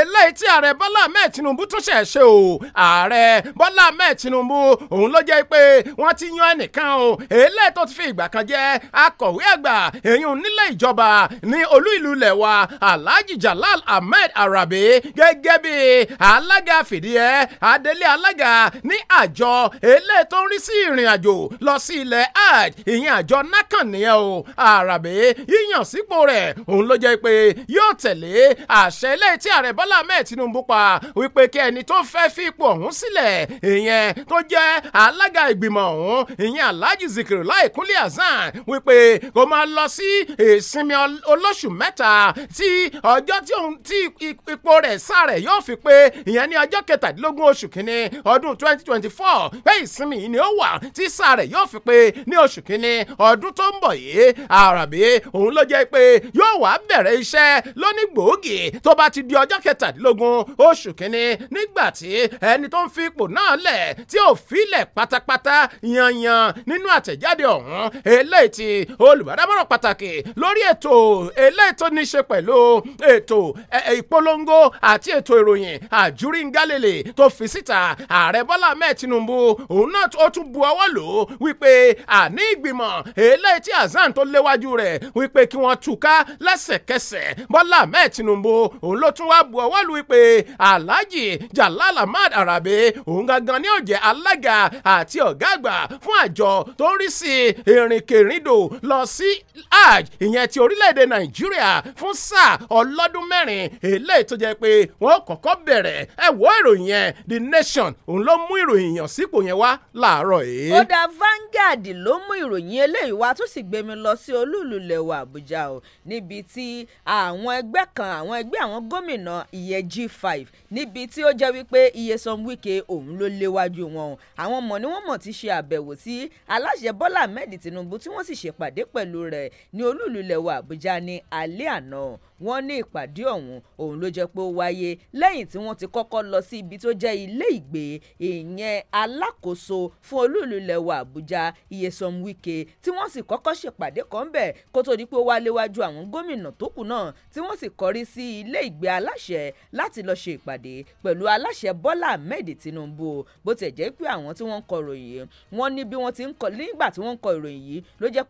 eléyìí tí ààrẹ Bọ́lá Ahmed Tinubu tún ṣẹ̀ ṣe o ààrẹ Bọ́lá Ahmed Tinubu òun ló jẹ́ pé wọ́n ti yan ẹnìkan o eléyìí tó ti fi ìgbà kan jẹ́ akọ̀wé àgbà èyí nílé ìjọba ní olú ìlú olúlẹ̀ wa alhaji jalal ahmed arabi gẹ́gẹ́ bí alága fìdíẹ́ adélé alága ní àjọ eléyìí tó ń rí sí ìrìn àjò lọ sí ilẹ̀ hajj ìyẹn àjọ nakan nìyẹn o arabi yíyàn sípò rẹ̀ òun ló jẹ́ pé yóò tẹ̀lé àṣẹ eléyìí tí ààrẹ bọ́lá ahmed tinubu pa wípé kí ẹni tó fẹ́ fi ipò ọ̀hún sílẹ̀ ìyẹn tó jẹ́ alága ìgbìmọ̀ ọ̀hún ìyẹn alhaji zikiru láìkúnlé hasan wípé kó máa lọ sí ìsinmi olóṣù mẹ́ta mẹ́ta tí ọjọ́ tí òun tí ipò rẹ̀ sàrẹ̀ yóò fi pé ìyẹn ní ọjọ́ kẹtàdínlógún oṣù kínní ọdún twenty twenty four pé ìsinmi yìí ni ó wà tí sàrẹ̀ yóò fi pé ní oṣù kínní ọdún tó ń bọ̀ yìí àràbí òun ló jẹ́ pé yóò wá bẹ̀rẹ̀ iṣẹ́ lónígbòógì tó bá ti di ọjọ́ kẹtàdínlógún oṣù kínní nígbà tí ẹni tó ń fi ipò náà lẹ̀ tí ò filẹ̀ pátápátá yanyan nínú àtẹ̀jáde ọ̀hún eléyìí ti olùbádámọ̀ràn pàtàkì lórí ètò ní ṣe pẹ̀lú ètò ìpolongo àti ètò ìròyìn àjúríngalèlè tó fi síta ààrẹ bọ́lá mẹ́ẹ̀ tinubu òun náà ó tún bu ọwọ́ lò ó wípé àní ìgbìmọ̀ eléyìí tí hasan tó léwájú rẹ̀ wípé kí wọ́n túká lẹ́sẹ̀kẹsẹ̀ bọ́lá mẹ́ẹ̀ tinubu òun ló tún wá bu ọwọ́ lù wípé alhaji jalal ahmad arabe òun gangan ni ó alága àti ọ̀gá àgbà fún àjọ tó ń rí sí ìrìnkèrindò lọ sí hajj ìyẹn ti orílẹ̀-èdè nàìjíríà fún sáà ọlọ́dún mẹ́rin eléyìí tó jẹ́ pé wọ́n kọ́kọ́ bẹ̀rẹ̀ ẹ wo ìròyìn yẹn The Nation òun ló mú ìròyìn yàn sípò yẹn wá láàárọ̀ yìí. ó dá Vanguard ló mú ìròyìn eléyìí wá tó sì gbé mi lọ sí olúùlú lẹ̀wọ̀ Àbújá o níbi tí àwọn ẹgbẹ́ kan àwọn ẹgbẹ́ àwọn gómìnà ìyẹn G5 níbi tí ó jẹ́ wípé Iyesom Wike òun ló léwájú wọn o àwọn mọ̀ ni wọ́n mọ̀ ti ṣe àbẹ̀wò sí aláṣẹ Bọ́lá Ahmed Tinubu tí wọ́n sì ṣèpàdé pẹ̀lú rẹ̀ ní olúùlú lẹ̀wọ̀ Àbújá ní alẹ́ à no wọ́n ní ìpàdé ọ̀hún òun ló jẹ́ pé ó wáyé lẹ́yìn tí wọ́n ti kọ́kọ́ lọ sí ibi tó jẹ́ ilé ìgbé ìyẹn alákòóso fún olúìlú ilẹ̀ wa àbújá iyesom wike tí wọ́n sì kọ́kọ́ ṣèpàdé kan bẹ̀ kó tó di pé ó wá léwájú àwọn gómìnà tó kù náà tí wọ́n sì kọrí sí ilé ìgbé aláṣẹ láti lọ ṣe ìpàdé pẹ̀lú aláṣẹ bọ́lá ahmed tinubu bó tẹ̀ jẹ́ pé àwọn tí wọ́n ń kọ ìròyìn wọ́n ní bí wọ́n ti ń kọ nígbà tí wọ́n ń kọ ìròyìn yìí ló jẹ́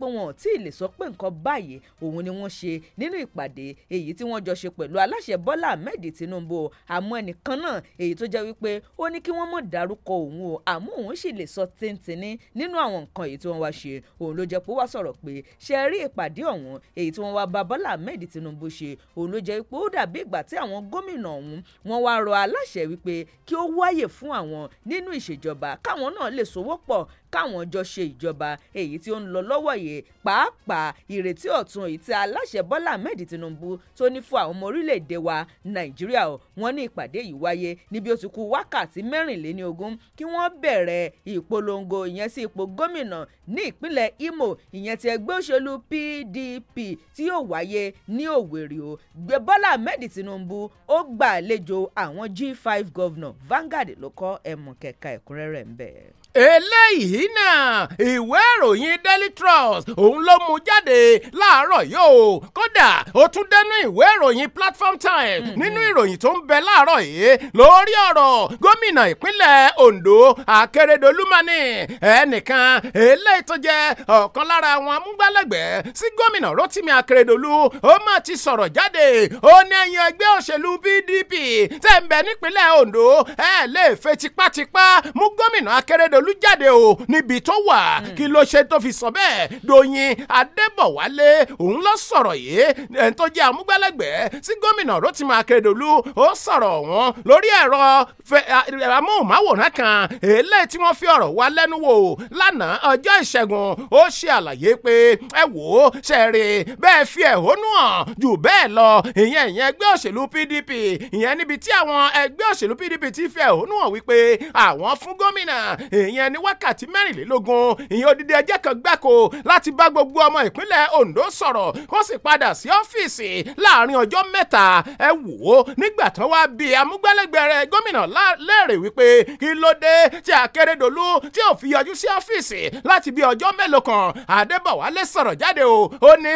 ni wọ́n ṣe nínú ìpàdé èyí tí wọ́n jọ ṣe pẹ̀lú aláṣẹ Bọ́lá Ahmed Tinubu àmọ́ ẹnìkan náà èyí tó jẹ́ wípé ó ní kí wọ́n mọ̀ dárúkọ òun o àmọ́ òun sì lè sọ tíntìní nínú àwọn nǹkan èyí tí wọ́n wá ṣe òun ló jẹ́ pé ó wá sọ̀rọ̀ pé ṣe rí ìpàdé ọ̀hún èyí tí wọ́n wá bá Bọ́lá Ahmed Tinubu ṣe òun ló jẹ́ pé ó dàbí ìgbà tí àwọn gómìnà ọ̀hún wọ́n wá rọ aláṣẹ wípé kí ó wáyè fún àwọn nínú ìṣèjọba káwọn náà lè sowọ́pọ̀ káwọn jọ ṣe ìjọba èyí tí ó ń lọ lọ́wọ́ yìí pàápàá ìrètí ọ̀tun èyí tí aláṣẹ Bọ́lá Ahmed Tinubu tó ní fún àwọn ọmọ orílẹ̀-èdè wa Nàìjíríà o wọ́n ní ìpàdé yìí wáyé níbi ó ti kù wákàtí mẹ́rìnléní ogún kí wọ́n bẹ̀rẹ̀ ìpolongo ìyẹn sí ipò gómìnà ní ìpínlẹ̀ Imo ìyẹn ti ẹgbẹ́ òṣèlú PDP tí yóò wáyé ní Òwèrè o Bọ́lá Ahmed Tinubu ó gbà àlejò àwọn G5 governor Vanguard ló kọ́ ẹ̀mọ̀ kẹ̀ka ẹ̀kúnrẹ́rẹ́ ń bẹ̀ eléyìí náà ìwé ìròyìn Daily Trust òun ló mú jáde láàárọ̀ yóò kódà ó tún dẹnu ìwé ìròyìn Platform Times mm-hmm. nínú ìròyìn tó ń bẹ láàárọ̀ yìí lórí ọ̀rọ̀ gómìnà ìpínlẹ̀ Ondo Akérédolú mani ẹnìkan eléyìí tó jẹ́ ọ̀kan lára àwọn amúgbálẹ́gbẹ̀ẹ́ sí gómìnà Rotimi Akérédolú ó mà ti sọ̀rọ̀ jáde ó ní ẹ̀yin ẹgbẹ́ òṣèlú PDP tẹ̀ ń bẹ nípínlẹ̀ Ondo ẹ̀ lè fẹ́ tipátipá mú gómìnà Akérédolú Sanwó-Olú jáde o níbi tó wà hmm. kí ló ṣe tó fi sọ bẹ́ẹ̀ Doyin Adébọ̀wálé òun ló sọ̀rọ̀ yìí ẹni tó jẹ́ amúgbálẹ́gbẹ̀ẹ́ sí gómìnà Rotimi Akeredolu ó sọ̀rọ̀ wọn lórí ẹ̀rọ amóhùnmáwòrán kan èlé tí wọ́n fi ọ̀rọ̀ wá lẹ́nu wò lánàá ọjọ́ ìṣẹ́gun ó ṣe àlàyé pé ẹ wò ó ṣẹ̀rẹ̀ bẹ́ẹ̀ fi ẹ̀hónú hàn jù bẹ́ẹ̀ lọ ìyẹn ìyẹn ẹgbẹ́ òṣèlú PDP ìyẹn níbi tí àwọn ẹgbẹ́ òṣèlú PDP ti fi ẹ̀hónú hàn wípé àwọn fún gómìnà ìyẹn ní wákàtí mẹ́rìnlélógún ìyẹn odidi ẹjẹ́ kan gbáko láti bá gbogbo ọmọ ìpínlẹ̀ Ondo sọ̀rọ̀ ó sì padà sí ọ́fíìsì láàrin ọjọ́ mẹ́ta ẹ wò ó nígbà tán wá bí amúgbálẹ́gbẹ̀ẹ́ rẹ̀ gómìnà léèrè wípé kí ló dé tí Akérédolú tí ò fi yọjú sí ọ́fíìsì láti bí ọjọ́ mélòó kan Adébọ̀wálé sọ̀rọ̀ jáde o ó ní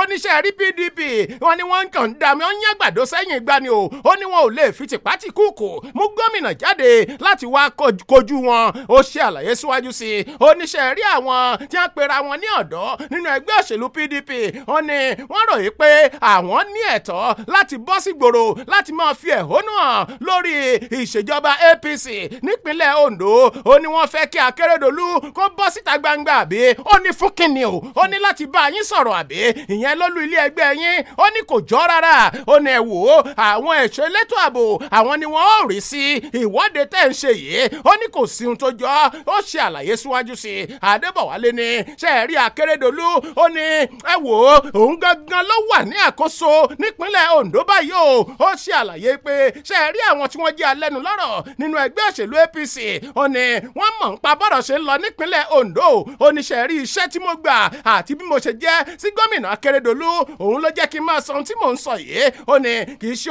oníṣẹ́ rí PDP wọn ni wọ́n kàn ń dami ọ́n yàgbàdo sẹ́yìn ìgbani o ó ní wọn ò lè fi tìpátìkúùkù mú gómìnà jáde láti wá kojú wọn ó ṣe àlàyé síwájú sí i ó níṣẹ́ rí àwọn tí wọ́n pera wọn ní ọ̀dọ́ nínú ẹgbẹ́ òṣèlú PDP wọ́n ní wọ́n ròyìn pé àwọn ní ẹ̀tọ́ láti bọ́ sígboro láti máa fi ẹ̀hónú hàn lórí ìṣèjọba APC nípínlẹ̀ Ondo ó ní wọ́n fẹ́ kí Akérédolú kó bọ́ síta gbangba àbí ó ní fún kíni o ó ní láti bá yín sọ̀rọ̀ àbí ìyẹn lólú ilé ẹgbẹ́ yín ó ní kò jọ́ rárá ó ní ẹ wò ó àwọn ẹ̀ṣọ́ elétò ààbò àwọn ni wọ́n ò rí sí ìwọ́de tẹ̀ ń ṣe yìí ó ní kò sí jọ ó ṣe àlàyé síwájú sí i adébọ̀wálé ni ṣe é rí akérèdọ́lù ó ní ẹ wò ó òun gangan ló wà ní àkóso nípínlẹ̀ ondo báyìí o ó ṣe àlàyé pé ṣe é rí àwọn tí wọ́n jẹ́ alẹ́nu lọ́rọ̀ nínú ẹgbẹ́ òṣèlú apc ó ní wọ́n mọ̀ ń pa bọ́rọ̀ ṣe ń lọ nípínlẹ̀ ondo ó ní ṣe é rí iṣẹ́ tí mo gbà àti bí mo ṣe jẹ́ sí gómìnà akérèdọ́lù òun ló jẹ́ kí n máa sọ ohun tí mò ń sọ yìí ó ní kì í ṣe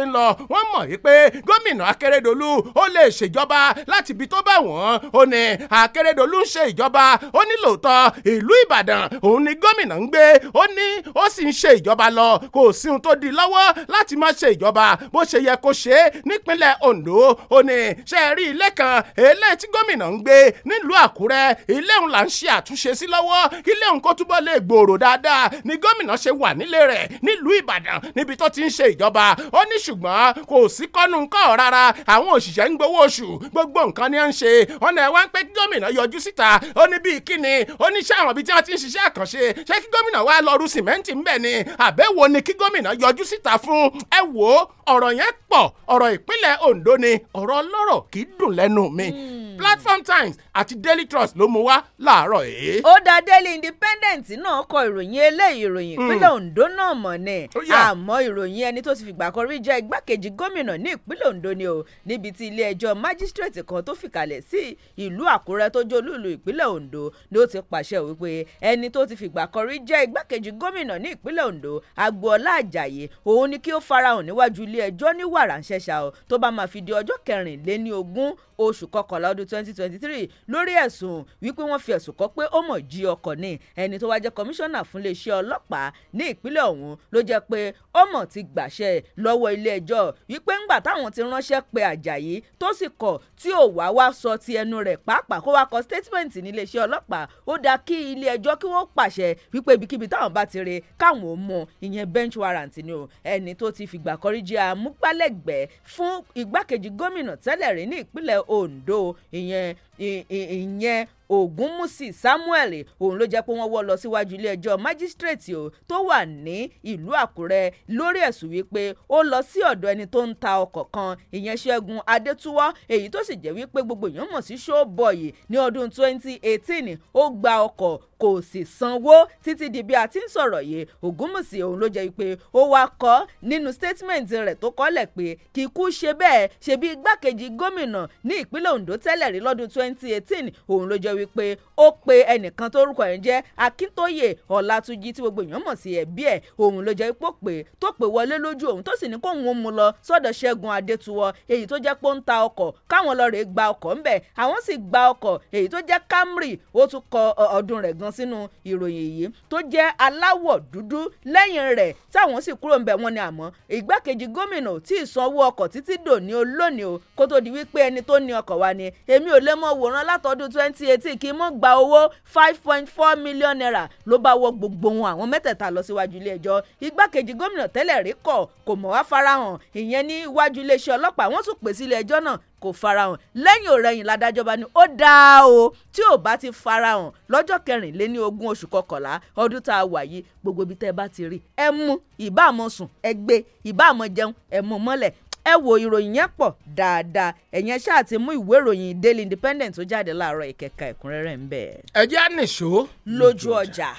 ṣe ń lọ wọ́n mọ̀ wípé gómìnà akérèdọ́lù ó lè ṣèjọba láti ibi tó bá wọ́n ó ní akérèdọ́lù ń ṣe ìjọba ó ní lóòótọ́ ìlú ìbàdàn òun ni gómìnà ń gbé ó ní ó sì ń ṣe ìjọba lọ kò sí ohun tó di lọ́wọ́ láti má ṣe ìjọba bó ṣe yẹ kó ṣe nípínlẹ̀ ondo ó ní ṣe é rí ilé kan èlé tí gómìnà ń gbé nílùú àkúrẹ́ ilé òun là ń ṣe àtúnṣe sí lọ́wọ́ kí ilé òun kó túbọ̀ lè gbòòrò dáadáa ni gómìnà ṣe wà nílé rẹ̀ nílùú ìbàdàn níbi tó ti ń ṣe ìjọba ó ní ṣ ṣùgbọ́n kò sí kọ́nù ńkọ́ rárá àwọn òṣìṣẹ́ ń gbowó oṣù gbogbo nǹkan ni ó ń ṣe ọ̀nà ẹ̀ wá ń pé kí gómìnà yọjú síta ó ní bíi kíni ó ní ṣé àwọn ibi tí wọ́n ti ń ṣiṣẹ́ àkànṣe ṣé kí gómìnà wá lọ ru sìmẹ́ǹtì ńbẹ̀ ni àbẹ́wò ni kí gómìnà yọjú síta fún ẹ wò ọ̀rọ̀ yẹn pọ̀ ọ̀rọ̀ ìpínlẹ̀ Ondo ni ọ̀rọ̀ ọlọ́rọ̀ kì í dùn lẹ́nu mi hmm platform times àti daily trust ló mú wá láàárọ̀ yìí. ó da daily independent náà kọ ìròyìn eléyìí ìròyìn hmm. ìpínlẹ̀ ondo náà mọ̀ ní àmọ́ ìròyìn ẹni tó ti fìgbà kan rí jẹ́ igbákejì gómìnà ní ìpínlẹ̀ ondo ni o níbi tí ilé ẹjọ́ májísírèètì kan tó fìkàlẹ̀ sí ìlú àkúrẹ́ tó jẹ́ olúùlú ìpínlẹ̀ ondo ni ó ti pàṣẹ wípé ẹni tó ti fìgbà kan rí jẹ́ igbákejì gómìnà ní ìpínlẹ̀ ondo agboola ajayi òun ni kí ó farahàn níwájú ilé ẹjọ́ ní wàrà ń o tó bá máa fi di ọjọ́ kẹrìnléní ogún oṣù kọkànlá ọdún twenty twenty three lórí ẹ̀sùn wípé wọ́n fi ẹ̀sùn kọ́ pé ó mọ̀ jí ọkọ̀ ni ẹni tó wá jẹ́ kọmíṣánná fún iléeṣẹ́ ọlọ́pàá ní ìpínlẹ̀ ọ̀hún ló jẹ́ pé ó mọ̀ ti gbàṣẹ lọ́wọ́ ilé ẹjọ́ wípé ńgbà táwọn ti ránṣẹ́ pé Àjàyí tó sì kọ̀ tí ò wá wá sọ ti ẹnu rẹ̀ pàápàá kó wá kọ statement ní iléeṣẹ́ ọlọ́pàá ó dáa kí ilé ẹjọ́ kí wọ́n pàṣẹ wípé ibikíbi táwọn bá ti re káwọn ò mọ ìyẹn bench warrant ni o ẹni tó ti fìgbà kọrí jẹ́ amúgbálẹ́gbẹ̀ẹ́ fún igbákejì gómìnà tẹ́lẹ̀ rí ní ìpínlẹ̀ Ondo ìyẹn ìyẹn ògúnmúsì samuel òun ló jẹ́ pé wọ́n wọ́ lọ síwájú ilé-ẹjọ́ májísírèètì o tó wà ní ìlú àkúrẹ́ lórí ẹ̀sùn wípé ó lọ sí ọ̀dọ̀ ẹni tó ń ta ọkọ̀ kan ìyẹn ṣẹ́gun adétúwọ́ èyí tó sì jẹ́ wípé gbogbo èèyàn mọ̀ sí showboy ní ọdún 2018 ó gba ọkọ̀ kò sì sanwó títí di bí a ti ń sọ̀rọ̀ yìí ògúnmùsì òun ló jẹ́ pé ó wá kọ́ nínú statement rẹ̀ tó kọ́lẹ̀ pé kíkú ṣe bẹ́ẹ̀ ṣe bí igbákejì gómìnà ní ìpínlẹ̀ ondo tẹ́lẹ̀ rí lọ́dún 2018 òun ló jẹ́ wípé ó pe ẹnìkan tó orúkọ ẹ̀ ń jẹ́ akíntóyè ọ̀làtúnjì tí gbogbo èèyàn mọ̀ sí ẹ̀bí ẹ̀ òun ló jẹ́ pé ó pè tó pè wọlé lójú òun tó sì ní kóun ó mu lọ sọ́dọ̀ ṣẹ́gun adétúwọ̀ èyí tó jẹ́ pé ó ń ta ọkọ̀ káwọn lọ rèé gba ọkọ̀ ńbẹ̀ àwọn sì gba ọkọ̀ èyí tó jẹ́ camry ó tún kọ ọdún rẹ̀ gan sínú ìròyìn yìí tó jẹ́ aláwọ̀ dúdú lẹ́yìn rẹ̀ táwọn sì kúrò ńbẹ̀ wọn ni àmọ́ ìgbákejì gómìnà tí ìsanwó ọkọ̀ títí dòní olónìí o kó tó di wípé ẹni tó ní ọkọ̀ wa ni èmi ò lè mọ wòran látọdún twenty eighteen sì kí mọ́ gba owó five point four million naira ló bá wọ gbogbo wọn àwọn mẹ́tẹ̀ẹ̀ta lọ síwájú ilé ẹjọ́ igbákejì gómìnà tẹ́lẹ̀ rí kọ̀ kò mọ̀ wá farahàn ìyẹn ní iwájú iléeṣẹ́ ọlọ́pàá wọ́n tún pè sí ilé ẹjọ́ náà kò farahàn lẹ́yìn ọ̀rẹ́yìn ládájọ́ bá ní ó dáa o tí ò bá ti farahàn lọ́jọ́ kẹrìnléní ogún oṣù kọkànlá ọdún tá a wà yìí gbogbo ibi tẹ́ bá ti rí ẹ mú ìbámu sùn ẹ gbé ìbámu jẹun ẹ mú mọ́lẹ̀ ẹ wo ìròyìn yẹn pọ̀ dáadáa ẹ̀yẹn ṣáà ti mú ìwé ìròyìn Daily Independent tó jáde láàárọ̀ ìkẹka ẹ̀kúnrẹ́rẹ́ ń bẹ̀. ẹ jẹ́ ànìṣó. lójú ọjà.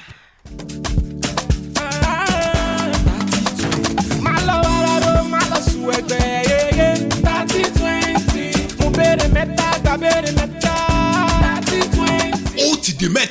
má lọ wàrà ló má lọ sùn ẹgbẹ́ yeye thirty twenty mo béèrè mẹ́ta gba béèrè mẹ́ta thirty twenty. ó ti di mẹ́ta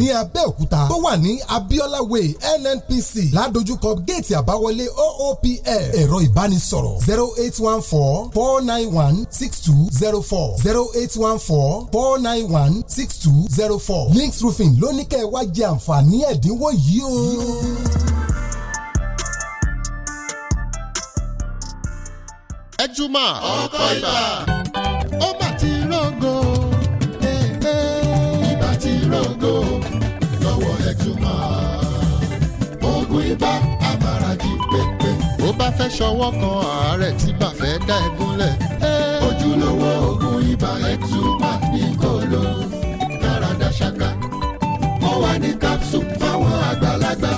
ní abẹ́òkúta tó wà ní abiola way nnpc ládojúkọ géètì àbáwọlé oopl ẹ̀rọ ìbánisọ̀rọ̀ zero eight one four four nine one six two zero four zero eight one four four nine one six two zero four links roofing lóníkẹ́ kẹ́ ẹ wá jẹ àǹfààní ẹ̀dínwó yìí o. ẹjúmọ́ ọkọ̀ ibà. orí bá àmàrà jí pépé. bó bá fẹ́ ṣọwọ́ kan àárẹ̀ tí bá fẹ́ dá ẹ gúnlẹ̀. ojúlówó oògùn ibà exuma ní kòló dáradá ṣáká. wọ́n wà ní capsule fáwọn àgbàlagbà.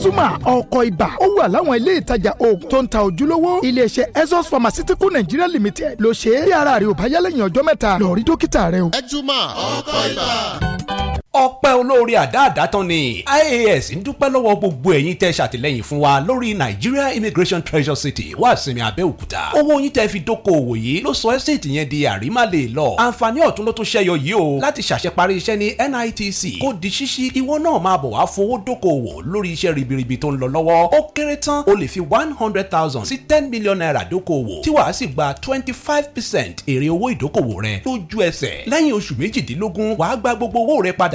Ezuma ọkọ̀ ibà ó wà láwọn ilé ìtajà oògùn tó ń ta ojúlówó iléeṣẹ́ Ezos Pharmaceutical Nigeria Limited ló ṣe é bí ara rẹ ò bá yá lẹ́yìn ọjọ́ mẹ́ta lọ rí dókítà rẹ o. Ezuma ọkọ̀ ibà ọpẹ́ olóore àdáàdá tán ni IAS ń dúpẹ́ lọ́wọ́ gbogbo ẹ̀yin tẹ́ ṣàtìlẹ́yìn fún wa lórí Nigeria Immigration Treasure City wà sinmi Abẹ́òkúta owó yín tẹ́ fi dókòwò yìí ló sọ ẹ́sẹ̀tì yẹn di àrímá lè lọ àǹfààní ọ̀tún ló tún ṣẹyọ yìí o láti ṣàṣeparí iṣẹ́ ní NITC kó di ṣíṣí ìwọ náà máa bọ̀ wá fowó dókòwò lórí iṣẹ́ ribiribi tó ń lọ lọ́wọ́ ó kéré tán o lè fi one hundred thousand sí ten million naira dókòwò tí wàá sì twenty five percent èrè owó ìdókòwò rẹ lójú ẹsẹ̀ lẹ́yìn oṣù méjìdínlógún wàá gba gbogbo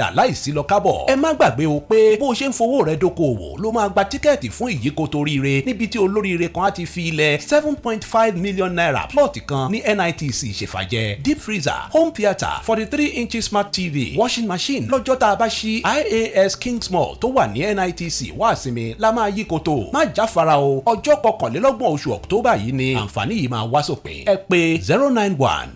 padà láìsí lọ kábọ̀. ẹ má gbàgbé o pé bó o ṣe ń fowó rẹ dókòwò ló máa gba tíkẹ́ẹ̀tì fún ìyíkoto oríire níbi tí olóríire kan á ti fi ilẹ̀ seven point five million naira plọ̀tì kan ní NITC ìṣèfàjẹ́ deep freezer home theatre forty three inch smart tv washing machine lọ́jọ́ tá a bá ṣí IAS Kings Mall tó wà ní NITC wá sinmi la máa yíkoto má jáfara o ọjọ́ kọkànlélọ́gbọ̀n oṣù October yìí ni àǹfààní yìí máa wá sópin ẹ pé zero nine one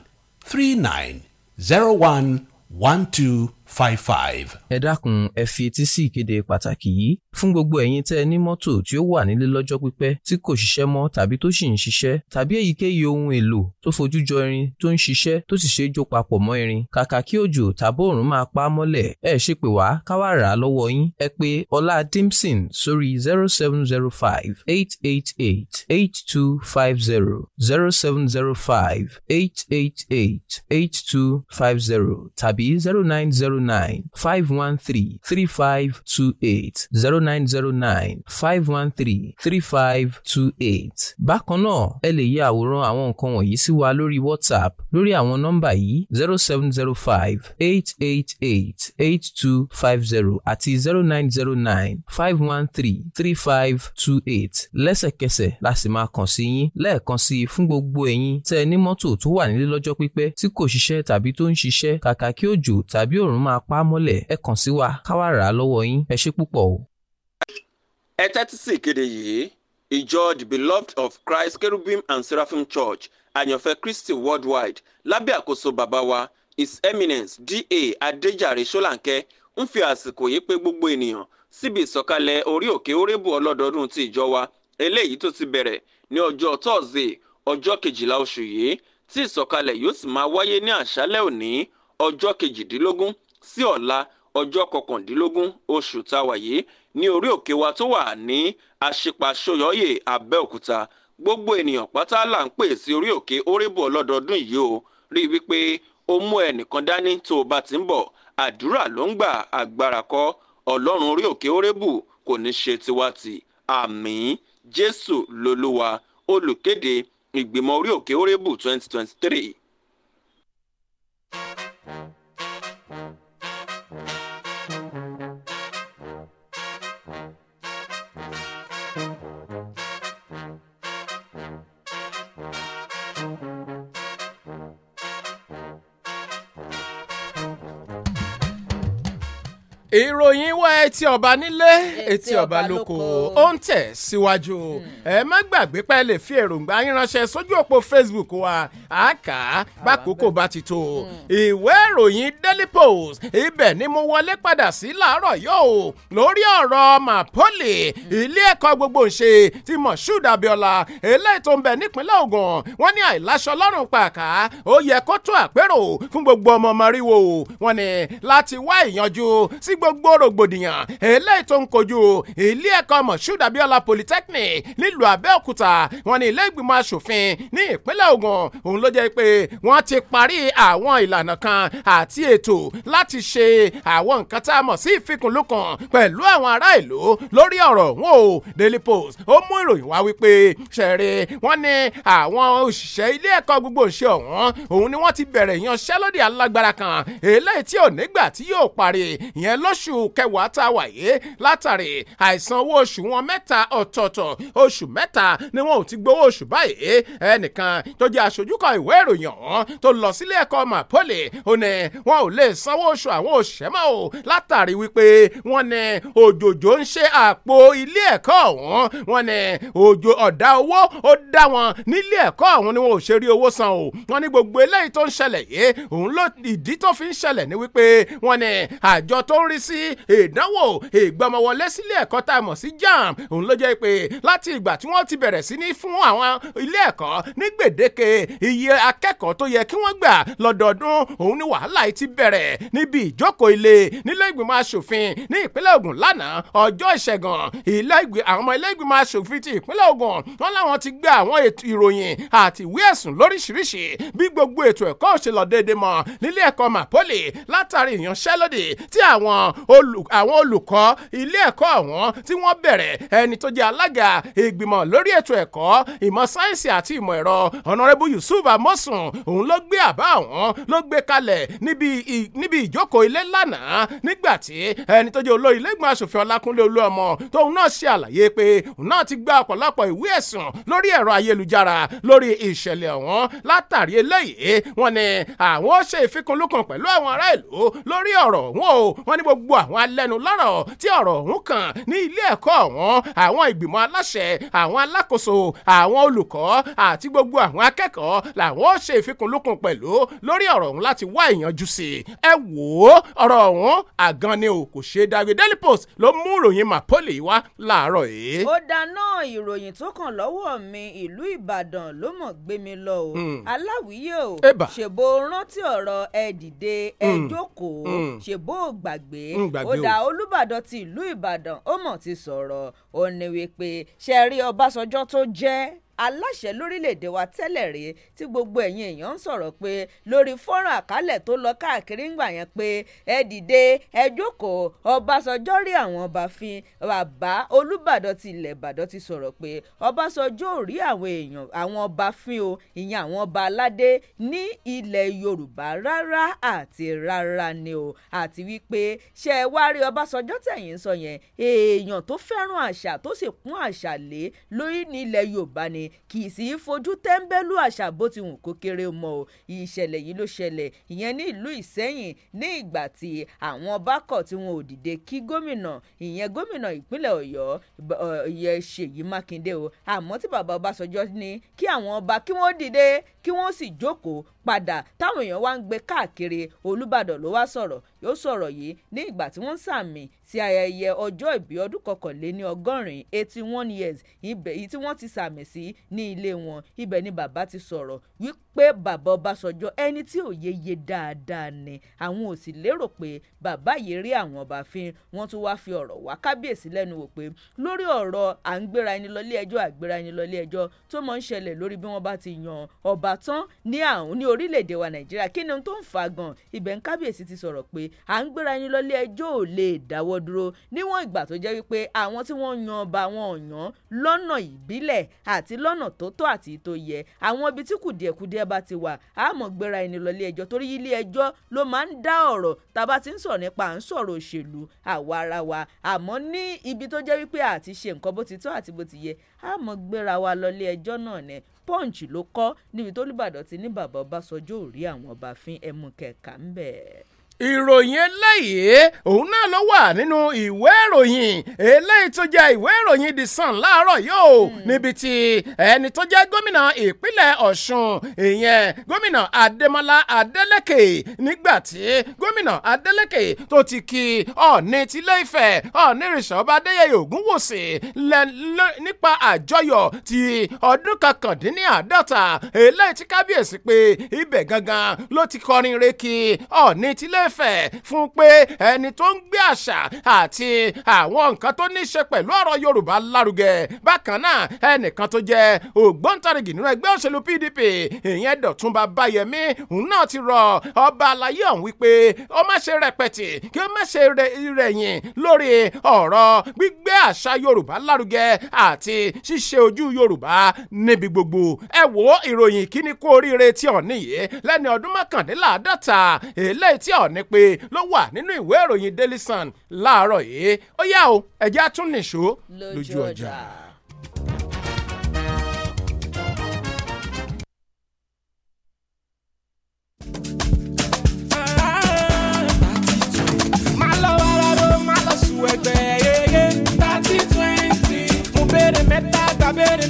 three nine zero one one two five five. ẹ dákun ẹ fi etí sí ìkéde pàtàkì yìí fún gbogbo ẹ̀yin tẹ́ ẹ ní mọ́tò tí ó wà nílé lọ́jọ́ pípẹ́ tí kò ṣiṣẹ́ mọ́ tàbí tó sì ń ṣiṣẹ́ tàbí èyíkéyìí ohun èlò tó fojú jọ irin tó ń ṣiṣẹ́ tó sì ṣe é jó papọ̀ mọ́ irin kàkà kí òjò tàbí òòrùn máa pa á mọ́lẹ̀ ẹ ṣe pé wá ká rà á lọ́wọ́ yín ẹ pé ọlá dimson sórí zero seven zero five eight eight eight eight two five zero zero seven zero five eight eight eight eight two five zero tàbí zero nine zero nine five one three three five two eight zero 0909 513 3528. Bákan náà, ẹ lè ya àwòrán àwọn nǹkan wọ̀nyí sí wa lórí WhatsApp lórí àwọn nọ́mbà yìí 0705 888 8250 àti 0909 513 3528. Lẹ́sẹ̀kẹsẹ̀ la sì máa kàn sí yín lẹ́ẹ̀kan sí i fún gbogbo ẹ̀yin tẹ́ ẹ ní mọ́tò tó wà nílé lọ́jọ́ pípẹ́ tí kò ṣiṣẹ́ tàbí tó ń ṣiṣẹ́ kàkà kí òjò tàbí òòrùn máa pa á mọ́lẹ̀ ẹ kàn sí wa ká wá rà á lọ́wọ́ yín ẹ ṣé púpọ̀ o ẹ tẹ́tí sí ìkéde yìí ìjọ the beloved of christ kerubim and seraphim church àyànfẹ́ christy worldwide lábẹ́ àkóso bàbá wa his eminence da adéjàre ṣọ́lànkẹ́ ń fi àsìkò yìí pé gbogbo ènìyàn síbi ìsọ̀kalẹ̀ orí òkè orébù ọlọ́dọọdún ti ìjọ wa eléyìí tó ti bẹ̀rẹ̀ ní ọjọ́ tọ́sídẹ̀ẹ́ ọjọ́ kejìlá oṣù yìí tí ìsọ̀kalẹ̀ yóò sì máa wáyé ní àṣálẹ́ òní ọjọ́ kejìdínlógún sí ọ̀la ọjọ́ kọkàndínlógún oṣù táwa yìí ní orí òkè wa tó wà ní àṣepàṣoyọ̀yè Abẹ́òkúta gbogbo ènìyàn pátá là ń pè sí orí òkè Orébọ̀ lọ́dọọdún yìí o rí i wípé ó mú ẹnìkan dání tó o bá ti ń bọ̀ àdúrà ló ń gbà agbára kọ́ Ọlọ́run orí òkè Orébù kò ní ṣe tiwa tì Jésù lolúwa olùkéde ìgbìmọ̀ orí òkè Orébù 2023 ìròyìn wá etí ọba nílé etí ọba lóko ó ń tẹ̀ síwájú hmm. ẹ má gbàgbé pé ẹ lè fi èròǹgbà yín sójú òpó facebook wa àkà bákòókò bá ti tó hmm. ìwé ìròyìn daily post ibẹ̀ ni mo wọlé padà sí làárọ̀ yóò lórí ọ̀rọ̀ mapoli hmm. ilé ẹ̀kọ́ gbogbo ńṣe ti moshood abiola eléyìí tó ń bẹ nípínlẹ̀ ogun wọ́n ní àìláṣọ lọ́rùn pàkà ó yẹ kó tó àpérò fún gbogbo ọmọ màrìwò wọ́n ní láti wá ìyanjú sí gbogbo rògbòdìyàn eléyìí tó ń kojú ilé ẹ̀kọ́ moshood abiola polytechnic nílùú abẹ́òkúta wọn ní ilé ìgbìmọ̀ asòfin ní ìpínlẹ̀ ògùn òun ló jẹ́ pé wọ́n ti parí àwọn ìlànà kan àti ètò láti ṣe àwọn nǹkan tá a mọ̀ sí ìfikùnlukùn pẹ̀lú àwọn ará ìlú lórí ọ̀rọ̀ wọn o daily post ó mú ìròyìn wá wípé ṣẹ̀rẹ̀ wọ́n ní àwọn òṣìṣẹ́ ilé ẹ̀kọ́ gbogbo òṣìṣẹ́ ọ̀hún òun ni wọ́n ti bẹ̀rẹ̀ ìyanṣẹ́lódì alágbára kan eléyìí tí ò nígbà tí yóò parí ìyẹn ló lóṣù kẹwàá tá a wà yìí látàrí àìsan owó oṣù wọn mẹ́ta ọ̀tọ̀ọ̀tọ̀ oṣù mẹ́ta ni wọn ò ti gbowó oṣù báyìí ẹnìkan tó jẹ́ aṣojú kan ìwé ìròyìn ọ̀hún tó lọ sílé ẹ̀kọ́ màpọ́lì ó ní wọn ò lè sanwó oṣù àwọn òṣìṣẹ́ mọ́ o látàrí wípé wọ́n ní òjòjò ń ṣe àpò ilé ẹ̀kọ́ ọ̀hún wọ́n ní òjò ọ̀dá owó ó dá wọn nílé ẹ̀kọ́ ọ̀hún ni wọn ò ṣe rí owó san o wọ́n ní gbogbo eléyìí tó ń ṣẹlẹ̀ yìí òun ló ìdí tó fi ń ṣẹlẹ̀ ni wípé wọ́n ní àjọ tó ń rí sí ìdánwò ìgbọmọwọlé sílé ẹ̀kọ́ tá a mọ̀ sí JAMB òun ló jẹ́ pé láti ìgbà tí wọ́n ti bẹ̀rẹ̀ sí ní fún àwọn ilé ẹ̀kọ́ ní gbèdéke iye akẹ́kọ̀ọ́ tó yẹ kí wọ́n gbà lọ́dọọdún òun ni wàhálà yìí ti bẹ̀rẹ̀ níbi ìjókòó ilé nílé ìgbìmọ̀ asòfin ní ìpínlẹ̀ Ògùn lánàá ọjọ́ ìṣẹ́gun àwọn ọmọ ilé ìgbìmọ̀ asòfin ti ìpínlẹ̀ Ògùn wọn làwọn ti gbé àwọn ìròyìn àti ìwé ẹ̀sùn lóríṣiríṣi bí gbogbo ètò ẹ̀kọ́ òṣèlú déédéé mọ́ nílé ẹ̀kọ́ Mapoli látàrí ìyanṣẹ́lódì tí àwọn náà àwọn olùkọ́ ilé ẹ̀kọ́ àwọn tí wọ́n bẹ̀rẹ̀ ẹni tó jẹ́ alága ìgbìmọ̀ lórí ètò ẹ̀kọ́ ìmọ̀ sáyẹ́nsì àti ìmọ̀ ẹ̀rọ ọ̀nàrẹ́bù Yusuf Amosun òun ló gbé àbá àwọn ló gbé kalẹ̀ níbi ìjókòó ilé lánàá nígbà tí ẹni tó jẹ́ olórí ilé ìgbìmọ̀ asòfin Ọlákúnlé Olúọmọ tóun náà ṣe àlàyé pé òun náà ti gba ọ̀pọ̀lọpọ̀ ìwé ẹ̀sùn lórí ẹ̀rọ ayélujára lórí ìṣẹ̀lẹ̀ ọ̀hún látàrí eléyìí wọ́n ní àwọn ṣe ìfikùnlukùn pẹ̀lú àwọn ará lórí ọ̀rọ̀ wọn o wọ́n ní gbogbo gbogbo àwọn alẹ́nulọ́rọ̀ tí ọ̀rọ̀ ọ̀hún kàn ní ilé ẹ̀kọ́ ọ̀hún àwọn ìgbìmọ̀ aláṣẹ àwọn alákòóso àwọn olùkọ́ àti gbogbo àwọn akẹ́kọ̀ọ́ làwọn ó ṣe ìfikùnlukùn pẹ̀lú lórí ọ̀rọ̀ ọ̀hún láti wá ìyanjú sí i ẹ wò ó ọ̀rọ̀ ọ̀hún àgan ni ò kò ṣe dagbe daily post ló mú ìròyìn màpọ́lì wá láàárọ̀ yìí. ó dáná ìròyìn tó kàn lọ́wọ́ mi ìlú ìbàdàn ló mọ̀ gbé mi lọ o hmm. aláwíyé o ṣèbó rántí ọ̀rọ̀ ẹ dìde ẹ hmm. jókòó hmm. ṣèbó gbàgbé ó dá olùbàdàn ti ìlú ìbàdàn ó mọ̀ ti sọ̀rọ̀ ó ní wípé ṣe rí ọbásanjọ́ tó jẹ́ aláṣẹ lórílẹ̀‐èdè wa tẹ́lẹ̀ rí tí gbogbo ẹ̀yin èèyàn ń sọ̀rọ̀ pé lórí fọ́nrán àkálẹ̀ tó lọ káàkiri ń gbà yẹn pé ẹ dìde ẹ jókòó ọbásanjọ́ rí àwọn ọba fín bàbá olùbàdàn ti ilẹ̀ ìbàdàn ti sọ̀rọ̀ pé ọbásanjọ́ ò rí àwọn èèyàn àwọn ọba fín o ìyẹn àwọn ọba aládé ní ilẹ̀ yorùbá rárá àti rárá ni o àti wípé ṣe ẹ wá rí ọbásanjọ́ tẹ̀yìn sọ yẹn èèyàn tó fẹ́ràn àṣà tó sì kún àṣà lé lórí nílẹ̀ yorùbá ni kì í sì í fojú tẹ́ńbẹ́lú àṣà bó ti wù kó kéré mọ́ o ìṣẹ̀lẹ̀ yìí ló ṣẹlẹ̀ ìyẹn ní ìlú ìsẹ́yìn ní ìgbà tí àwọn bákọ̀ tí wọn ò dìde kí gómìnà ìyẹn gómìnà ìpínlẹ̀ ọ̀yọ́ ìyẹn ṣèyí mákindé o àmọ́ tí bàbá ọbásanjọ́ ní kí àwọn ọba kí wọ́n dìde kí wọ́n sì jókòó padà táwọn èèyàn wá ń gbé káàkiri olùbàdàn ló wá sọ̀rọ̀ yóò sọ̀rọ̀ yìí ní ìgbà tí wọ́n ń sàmì sí ayẹyẹ ọjọ́ ìbí ọdún kọkànléní ọgọ́rin eighty one years ibẹ̀ yìí tí wọ́n ti sàmì sí ní ilé wọn ibẹ̀ ni bàbá ti sọ̀rọ̀ wípé pé bàbá Ọbásanjọ́ ẹni tí òye yé dáadáa ni àwọn ò sì lérò pé bàbá yìí rí àwọn ọba fín wọ́n tún wáá fi ọ̀rọ̀ wá kábíyèsí lẹ́nu wò pé lórí ọ̀rọ̀ à ń gbéra ẹni lọ ilé ẹjọ́ àgbéra ẹni lọ ilé ẹjọ́ tó máa ń ṣẹlẹ̀ lórí bí wọ́n bá ti yan ọba tán ní àwọn ní orílẹ̀ wa Nàìjíríà kí ni tó ń fa gan ibẹ̀ ń kábíyèsí ti sọ̀rọ̀ pé à ń gbéra ẹni lọ ilé ẹjọ́ ò lè dáwọ́ dúró níwọ̀n ìgbà tó jẹ́ wípé àwọn tí wọ́n yan ọba wọn yan lọ́nà ìbílẹ̀ àti lọ́nà tó tọ́ àti tó àwọn ibi tí kùdìẹ̀kudìẹ bá ti wà á mọ̀ gbéra ẹni lọlé ẹjọ́ torí ilé ẹjọ́ ló máa ń dá ọ̀rọ̀ tá ti ń sọ̀rọ̀ nípa à ń sọ̀rọ̀ òṣèlú àwa ara wa àmọ́ ní ibi tó jẹ́ wípé àti ṣe nǹkan bó ti tọ́ àti bó ti yẹ á mọ̀ gbéra wa lọlé ẹjọ́ náà ní Punch ló kọ́ níbi tó lùbàdàn ti ní bàbá Ọbásanjọ́ ò àwọn ọba fín ẹmu kẹ̀kà ìròyìn eléyìí òun náà ló wà nínú ìwé ìròyìn eléyìí tó jẹ́ ìwé ìròyìn The Sun láàárọ̀ yóò hmm. níbi tí ẹni tó jẹ́ gómìnà ìpínlẹ̀ Ọ̀ṣun ìyẹn gómìnà Adémọ́lá Adélékè nígbà tí gómìnà Adélékè tó ti kí Ọọ̀ni tilé Ifẹ̀ Ọọ̀ni ìrìnsọ̀ọ́bà Adéyẹyè Ògúnwùsì nípa àjọyọ̀ ti ọdún kankandínláàdọ́ta eléyìí tí kábíyèsí pé ibẹ̀ gangan ló ti kọrin re kí Ọọ̀ni tilé fẹ̀fẹ̀ fún pé ẹni tó ń gbé àṣà àti àwọn nǹkan tó ní í ṣe pẹ̀lú ọ̀rọ̀ Yorùbá lárugẹ bákan náà ẹnìkan tó jẹ́ ògbóǹtarìgì nínú ẹgbẹ́ òṣèlú PDP ìyẹn Dọ̀tun Báyẹmí òun náà ti rọ ọba àlàyé ọ̀hún wípé ó má ṣe rẹpẹtì kí ó má ṣe rẹ̀yìn lórí ọ̀rọ̀ gbígbé àṣà Yorùbá lárugẹ àti ṣíṣe ojú Yorùbá níbi gbogbo ẹ wo ìròyìn kíní kú oríire tí ọ̀ní yìí lẹ́ni ọdún mọ́kàndínláàádọ́ta eléyìí tí ọ̀ní nípe ló wà nínú ìwé ìròyìn daily sun láàárọ̀ yìí ó yá o ẹ̀jẹ̀ àtúnìṣó lójú ọjà. ẹgbẹ́ yeye thirty twenty mo béèrè mẹ́ta gbà béèrè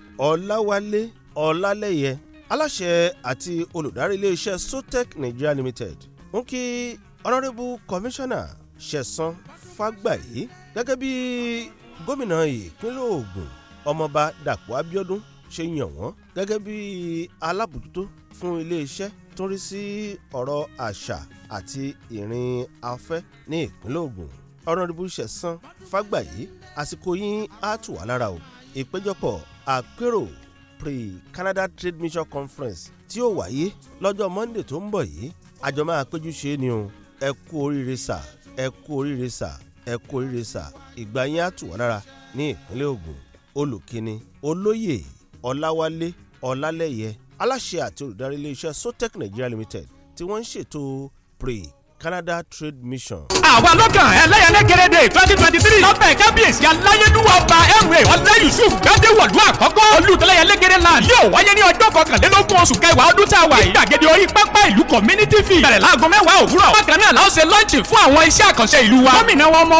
ọláwálé ọlálẹ́yẹ aláṣẹ àti olùdarí iléeṣẹ́ sotec nigeria limited ń kí ọ̀nàrẹ́bù kọmíṣánná ṣẹ̀san fàgbàyí gẹ́gẹ́ bí gómìnà ìpínlẹ̀ ògùn ọmọọba dàpọ̀ abíọ́dún ṣe yàn wọ́n gẹ́gẹ́ bí alábòjútó fún iléeṣẹ́ tó ń rí sí ọ̀rọ̀ àṣà àti ìrìn afẹ́ ní ìpínlẹ̀ ògùn ọ̀nàrẹ́bù ṣẹ̀san fàgbàyí àsìkò yín á tù wá lára o ìpéjọpọ̀ àpérò pre-Canada Trade Mission Conference tí ó wáyé lọ́jọ́ Monday tó ń bọ̀ yìí àjọ máa péjú ṣe ni o ẹ kú oríire sà ẹ kú oríire sà ẹ kú oríire sà ìgbà yín á tù wá lára ní ìpínlẹ̀ Ògùn olùkíni olóyè Ọláwálé Ọlálẹ́yẹ aláṣẹ àti olùdarí iléeṣẹ́ Sotec Nigeria Limited tí wọ́n ń ṣètò pre Canada Trade Mission. àwa lọ́kàn ẹlẹ́yẹlẹ́ gẹ́gẹ́dẹ́ twenty twenty three lọ́bẹ̀ kábíyèsí aláyélúwà ọba ẹ̀mú ọ̀lá Yusuf gbadewọ̀lú àkọ́kọ́ olùtẹ̀lẹ́yẹlẹ́gẹ́dẹ́ la yóò wáyé ní ọjọ́ kọkànlélógún oṣù kẹwàá ọdún tá a wà yìí. gbàgede orí pápá ìlú community fi bẹ̀rẹ̀ láago mẹ́wàá òwúrọ̀. bákan náà la ṣe lọ́ọ̀chì fún àwọn iṣẹ́ àkànṣe ìlú wa. gómìnà wọn ọmọ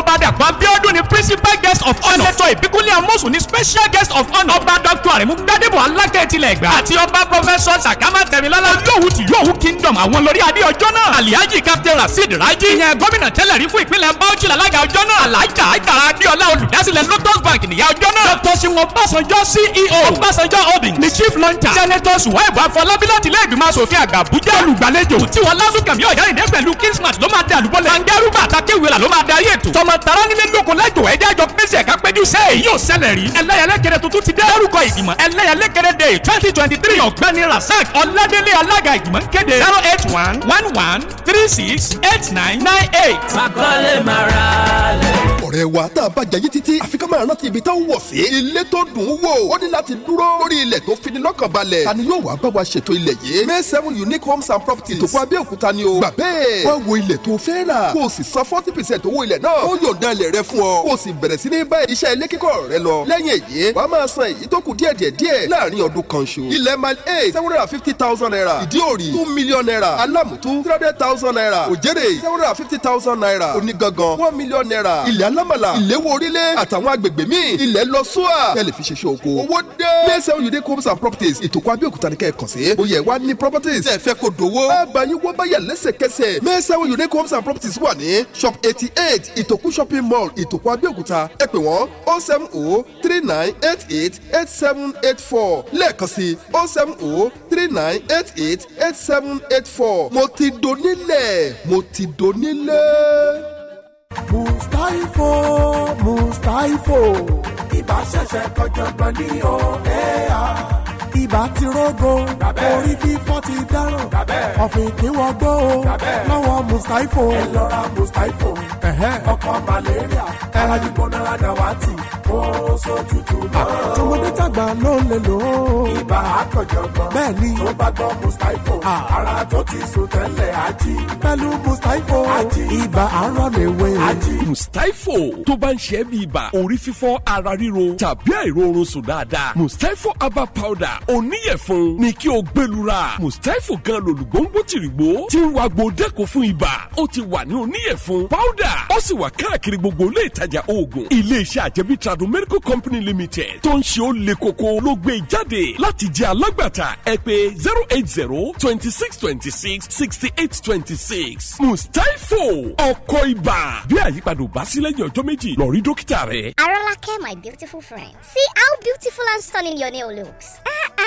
rasheed raji ìyẹn gómìnà tẹ́lẹ̀ rí fún ìpínlẹ̀ bauchi alága ọjọ́ náà alájà àjàrà adéọlá olùdásílẹ̀ lotus bank nìyá ọjọ́ náà. dr siwon ọbásanjọ́ ceo ọbásanjọ́ holdings ni chief launcher senator suwaibu afọlábí láti ilé ìgbìmọ̀ asòfin àgbà abuja olùgbàlejò tí wọn lásùnkànmí ọ̀yá ìdẹ́ pẹ̀lú kingsman ló máa dé àlùbọ́lẹ̀. sangaruba àtàkéwìrà ló máa darí ètò. tọmọ tara nílé lóko lẹ́jọ̀ ẹ̀jẹ̀ àjọ pèsè ẹ̀ka péjú sẹ́ èyí ò ṣẹlẹ̀ rí. ẹlẹ́yàlẹ́kẹrẹ tuntun ti dé. lórúkọ ìgbìmọ̀ ẹlẹ́yàlẹ́kẹrẹ day twenty twenty three ọ̀gbẹ́ni rasaq ọládélé alága ìgbìmọ̀ ń zero eight one one one three six eight nine nine eight. Makọ́lé Marale. lẹ̀. ọ̀rẹ́ wa tá a bá jẹ́ yí títí àfi ká máa rántí ibi tá ń wọ̀ sí. ilé tó dùn ún wò ó ní láti dúró lórí ilẹ̀ tó fini lọ́kàn balẹ̀. ta ni yóò wá bá wa ṣètò ilẹ̀ yìí. May seven unique homes and properties tó kọ́ Abẹ́òkúta ni o. gbà bẹ́ẹ̀ wá wo ilẹ̀ tó fẹ́ rà kó sì san forty percent owó ilẹ̀ náà. ó yọ̀ǹda ilẹ̀ rẹ fún ọ kó o sì bẹ̀rẹ̀ sí ní bá iṣẹ́ ilé kíkọ́ rẹ lọ. lẹ́yìn èyí wàá máa san èyí tó kù díẹ̀díẹ̀ díẹ̀ láàrin ọdún kan ṣo. ilẹ̀ mile eight seven hundred and fifty thousand naira ìdí òrì two million naira alámùtú three hundred thousand naira òjẹ́ kéré seven hundred and fifty thousand naira onígangan one million naira ilẹ̀ alámàlà ìléwọ́ orílẹ̀ àtàwọn agbègbè míì ilẹ̀ lọ sùà ẹ lè fi ṣe ṣe oko owó dé mẹ́sàn yìí dé homes and properties ìtòkọ́ abẹ́òkúta ni kẹ́ẹ̀kan sí ó yẹ wá ní properties ẹ fẹ́ kó dòwó àbáyé wọ́n bá yà lẹ́sẹ̀kẹsẹ̀ mẹ́sàn yìí dé homes and properties wà ní shop eighty eight ìtòkú shopping mall ìtòkọ́ abẹ́òkúta ẹ pè wọ́n o oh seven o oh three nine eight eight eight seven eight four lẹ́ẹ̀kan sí oh seven oh three nine eight eight eight seven eight four mo ti donílẹ̀ mo ti donílé. mustaifo mustaifo ibà ṣẹ̀ṣẹ̀ kọjọgbọ́n ní ọ̀ẹ́à ibà ti rógo orí fífọ́ ti dáràn ọ̀fìn kí wọ́n gbó o lọ́wọ́ mustaifo. ẹ lọ ra mustaifo ọkọ̀ malaria ara yìí gbóná ládàá wá tì kó sójútù náà. tọmọdé tàgbà ló ń lè lò ó. ibà àkànjọ̀gbọ́n. bẹ́ẹ̀ni. tó bá gbọ́ mustapho. ara tó ti sùn tẹ́lẹ̀ ají. pẹ̀lú mustapho. ají ibà arọ lè wé. ají. mustapho tó bá ń ṣe é bí ibà orí fífọ́ ara ríro tàbí àìróorun sùn dáadáa. mustapho herbal powder oníyẹ̀fun ni kí o gbẹlura. mustapho gan lòlùgbòǹgbò tìrìgbò ti ń wa gbòdẹ́kọ̀ fún ibà ó ti wà ní oníyẹ̀fun powder ó sì wà káàkiri gbogbo ilé ìtajà oògùn ilé iṣẹ́ àjẹmí trad ìbàdàn medical company limited tó ń ṣe ó le koko ló gbé jáde láti jẹ́ alágbàtà ẹ pè zero eight zero twenty six twenty six sixty eight twenty six mustapho ọkọ̀ ibà bí àyípadà ò bá sí lẹ́yìn ọjọ́ méjì lọ rí dókítà rẹ. arọ́lákẹ́ my beautiful friend see how beautiful and stunning your nail looks. Ah,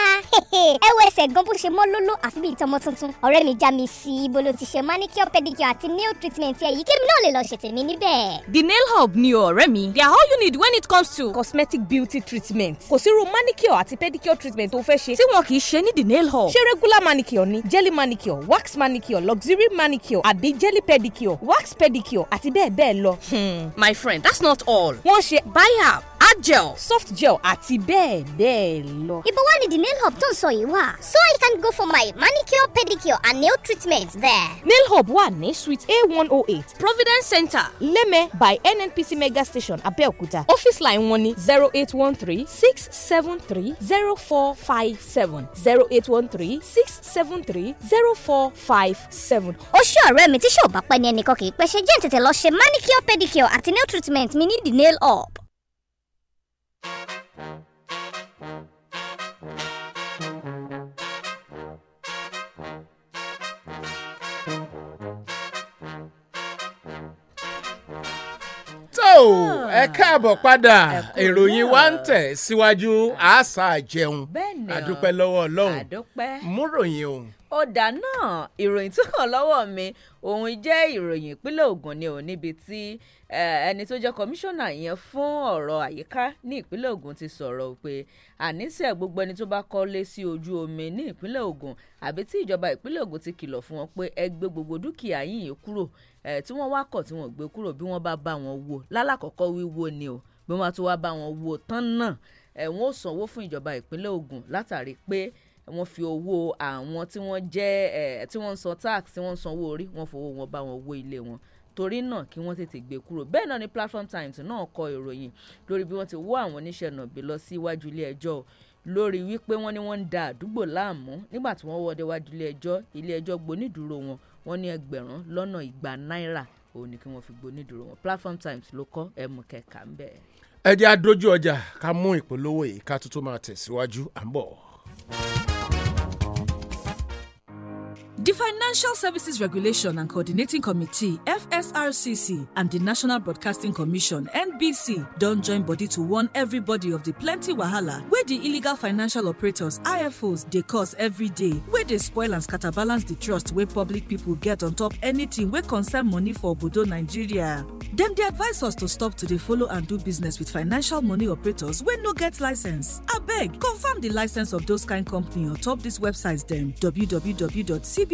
ẹ wo ẹsẹ̀ gan bó ṣe mọ́ lóló àfi bíi tọmọ tuntun ọ̀rẹ́ mi já mi sí i bó ló ti ṣe manicure pedicure àti nail treatment ẹ̀ yìí kémi náà lè lọ ṣe tèmi níbẹ̀. the nail hub ni o ọ̀rẹ́ mi they are all you need when it comes to cosmetic beauty treatment kò sí manicure àti pedicure treatment tó fẹ́ ṣe tí wọn kì í ṣe ní the nail hub ṣé regular manicure ni jelly manicure wax manicure luxury manicure àbí jelly pedicure wax pedicure àti bẹ́ẹ̀ bẹ́ẹ̀ lọ. Hmm, my friend that's not all wọ́n ṣe buy up add gel soft gel àti bẹ́ẹ̀ bẹ́ẹ̀ lọ. ibo wá ni the nail Nail Hub tó ń sọ yìí wà so I can go for my manicure pedicure and nail treatment there. Nail Hub wà ní suite A one oh eight Providence Center leme by NNPC mega station Abẹ́òkúta office line wọn ni zero eight one three six seven three zero four five seven zero eight one three six seven three zero four five seven. ó ṣe ọ̀rẹ́ mi tí ṣé ò bá pẹ́ ni ẹnìkan kì í pẹ́ ṣe jẹ́ ń lọ ṣe manicure pedicure àti nail treatment mi ní the nail up. o ẹ káàbọ̀ padà ìròyìn wa ń tẹ̀ síwájú àṣà jẹun àdúpẹ́ lọ́wọ́ ọlọ́run múròyìn òun. ọ̀dà náà ìròyìn tó kàn lọ́wọ́ mi òun jẹ́ ìròyìn ìpínlẹ̀ Ògùn ni ò níbi tí ẹni tó jẹ́ kọmíṣánná yẹn fún ọ̀rọ̀ àyíká ní ìpínlẹ̀ Ògùn ti sọ̀rọ̀ pé àníṣe gbogbo ẹni tó bá kọ́lé sí ojú omi ní ìpínlẹ̀ Ògùn àbí tí ìjọba ìpínlẹ̀ Ògùn ti kìlọ̀ fún wọn pé ẹ gbogbo dúkìá yìnyín kúrò tí wọ́n wá kọ̀ tí wọ́n gbé kúrò bí wọ́n bá bá wọn wò lálàkọ́kọ́ wíwò ni o bí wọ́n bá tún wá bá wọn wò tán náà wọ́n ó sanwó fún ìjọba ìpínlẹ̀ Ògùn látàrí pé wọ́n fi owó àwọn tí wọ́n jẹ́ tí wọ́n ń san tax tí wọ́n ń sanwó orí wọ́n fowó wọn bá wọn wó ilé wọn torí náà kí wọ́n tètè gbé kúrò bẹ́ẹ̀ náà ni Platform Times náà kọ ìròyìn lórí bí wọ́n ti wó àwọn oníṣẹ́ nàbí lọ sí iwájú ilé ẹjọ́ lórí wípé wọ́n ní wọ́n ń da àdúgbò láàmú nígbà tí wọ́n wọ́de ilé ẹjọ́ ilé ẹjọ́ gbonídùúró wọn wọ́n ní ẹgbẹ̀rún lọ́nà ìgbà náírà òun ni kí wọ́n fi gbónídùúró wọn platform times ló kọ́ ẹ mú kẹ̀kà ń bẹ̀. ẹ jẹ́ àdójú ọjà ká mú ìpolówó yìí ká tuntun máa tẹ̀síwájú à ń bọ̀. The Financial Services Regulation and Coordinating Committee, FSRCC, and the National Broadcasting Commission, NBC, don't join body to warn everybody of the plenty wahala where the illegal financial operators, IFOs, they cause every day, where they spoil and scatter balance the trust where public people get on top anything where concern money for Bodo Nigeria. Them they advise us to stop to the follow and do business with financial money operators when no get license. I beg, confirm the license of those kind company on top this website them www.cb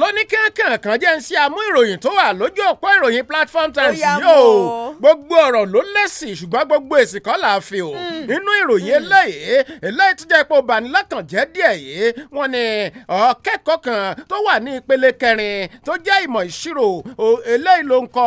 lóní kankan kan jẹ́ ń ṣe àmú ìròyìn tó wà lójú òpó ìròyìn platform times yóò gbogbo ọ̀rọ̀ ló lẹ́sìn ṣùgbọ́n gbogbo èsì kọ́ là á fi o hmm. nínú ìròyìn hmm. eléyìí eléyìí tó jẹ́ pé ó bani lọ́kàn jẹ́ díẹ̀ yìí wọ́n ní ọ̀kẹ́kọ̀ọ́ kan tó wà ní ìpele kẹrin tó jẹ́ ìmọ̀ ìṣirò eléyìí ló ń kọ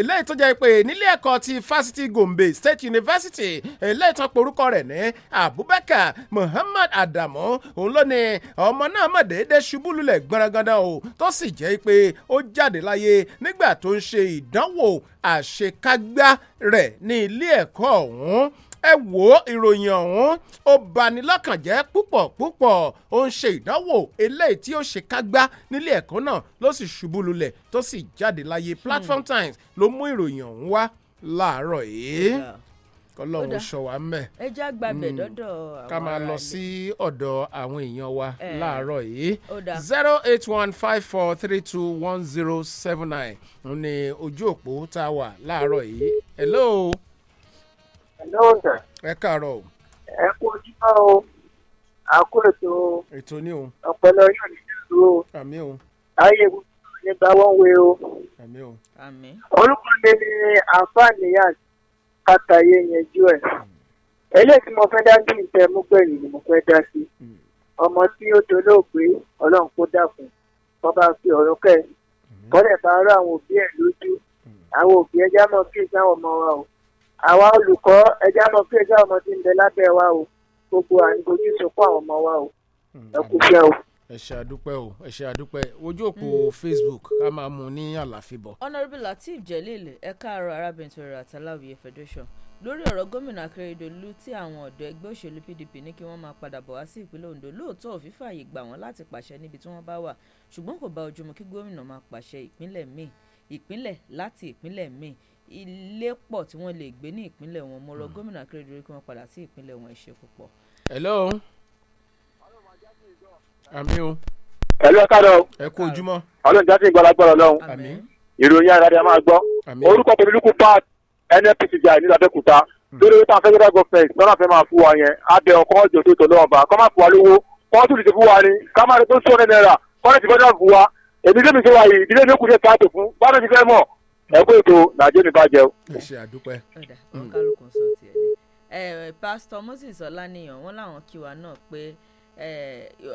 eléyìí tó jẹ́ pé nílé ẹ̀kọ́ ti fásitì Gombe State University eléyìí tó porúkọ rẹ̀ ní Abubakar Muhammad Adamu òun ló ní ọmọ náà mọ̀ déédéé ṣubú lulẹ̀ gbọ́nrangandan o tó sì jẹ́ pé ó jáde láyé nígbà tó ń ṣe ìdánwò àṣekágbá rẹ̀ ní ilé ẹ̀kọ́ ọ̀hún ẹ wo ìròyìn ọ̀hún ó bani lọ́kàn jẹ́ púpọ̀ púpọ̀ ó ń ṣe ìdánwò eléyìí tí ó ṣe kágbá nílé ẹ̀kọ́ náà ló sì ṣubú lulẹ̀ tó sì jáde láyé hmm. Platform Times ló mú ìròyìn ọ̀hún wá láàárọ̀ yìí kọlọ́run sọ mẹ́. ẹ já gbàgbẹ́ hmm. dọ́dọ̀ ká máa lọ sí ọ̀dọ̀ àwọn èèyàn wa láàárọ̀ yìí zero eight one five four three two one zero seven nine ní ojú òpó tá a wà láàárọ̀ yìí hello ẹ̀lẹ́ ọ̀nà. ẹ káàárọ̀ o. ẹ kú ojúmọ́ o àkó ètò o. ètò ni o. ọpọlọ yóò ní ìlú o. àmì o. ayé gbogbo nígbà wọ́n wé o. àmì o. àmì. orúkọ mi ni àǹfààní yàn kàtàyé yẹn jú ẹ̀. eléyìí tí mo fẹ́ dá sí ìtẹ́ mú gbẹ̀yìn ni mo fẹ́ dá sí. Hmm. ọmọ tí ó dolóògbé ọlọ́run kó dàkún kọ́ bá fi ọ̀rọ̀ kẹ́ hmm. kọ́lẹ̀ bá rọ àwọn òbí ẹ̀ lójú hmm. àwọn òbí ẹja mọ̀ kí ìsáwọn ọmọ wa o àwa olùkọ́ ẹja mọ̀ pé ẹja ọmọ ti ń bẹ lábẹ́ wa o gbogbo àǹdójú ìsopọ̀ àwọn ọmọ wa o ẹ kú fẹ́ o ẹ ṣe àdúpẹ́ o ẹ ṣe àdúpẹ́ ojú òpó hmm. facebook ká máa mú ní àlàfíbọ̀. honourable lateef jelil ẹ̀ka àrò arábìnrin tó rà tàláwìyé federation lórí ọ̀rọ̀ gómìnà akérèdọ́lù tí àwọn ọ̀dọ́ ẹgbẹ́ òṣèlú pdp ní kí wọ́n máa padà bọ̀ wá sí ìpínlẹ̀ ondo lóòótọ́ òfin fààyè gbà wọ́n láti pàṣẹ níbi tí wọ́n bá wà ṣùgbọ́n kò bá ojú kí gómìnà máa pàṣẹ ìpínlẹ̀ míì ìpínlẹ̀ láti ìpínlẹ̀ míì ilé pọ̀ tí wọ́n lè gbé ní ìpínlẹ̀ wọn mo rọ hmm. gómìnà akérèdọ́lù kí wọ́n padà sí ìpínlẹ̀ wọn ẹ púpọ̀. hello. àmì o. ẹ̀lú ẹ̀ka lọ. ẹ kú ojúmọ́. ọlọ́run jásí ìgbàlagbọ́rọ̀ lọ́hùn. àmín. ìròyìn àdáde a máa gbọ́. àmín. orúkọ tòmílùkù park nnpc jà ní làbẹ́kúta lórí hmm. wípé àwọn federal government lọ́nà fẹ́ máa fún wa yẹn abẹ ọkọ̀ ọjọ́ tó tọ̀ lọ́wọ́ bá kọ́ máa fún wa lówó kọ́ tún lè fún wa ni ká máa rẹ tó sọ̀rọ̀ náírà kọ́ lè ti fẹ́ dà fún wa ẹ kó ètò nàjẹ́ mi bá jẹ o. ẹ ṣe àdúpẹ́. Pastor, wọn kálukú sọ tiẹ̀ ni. ẹ pásítọ̀ moses ọláníyàn wọn làwọn kí wa náà pé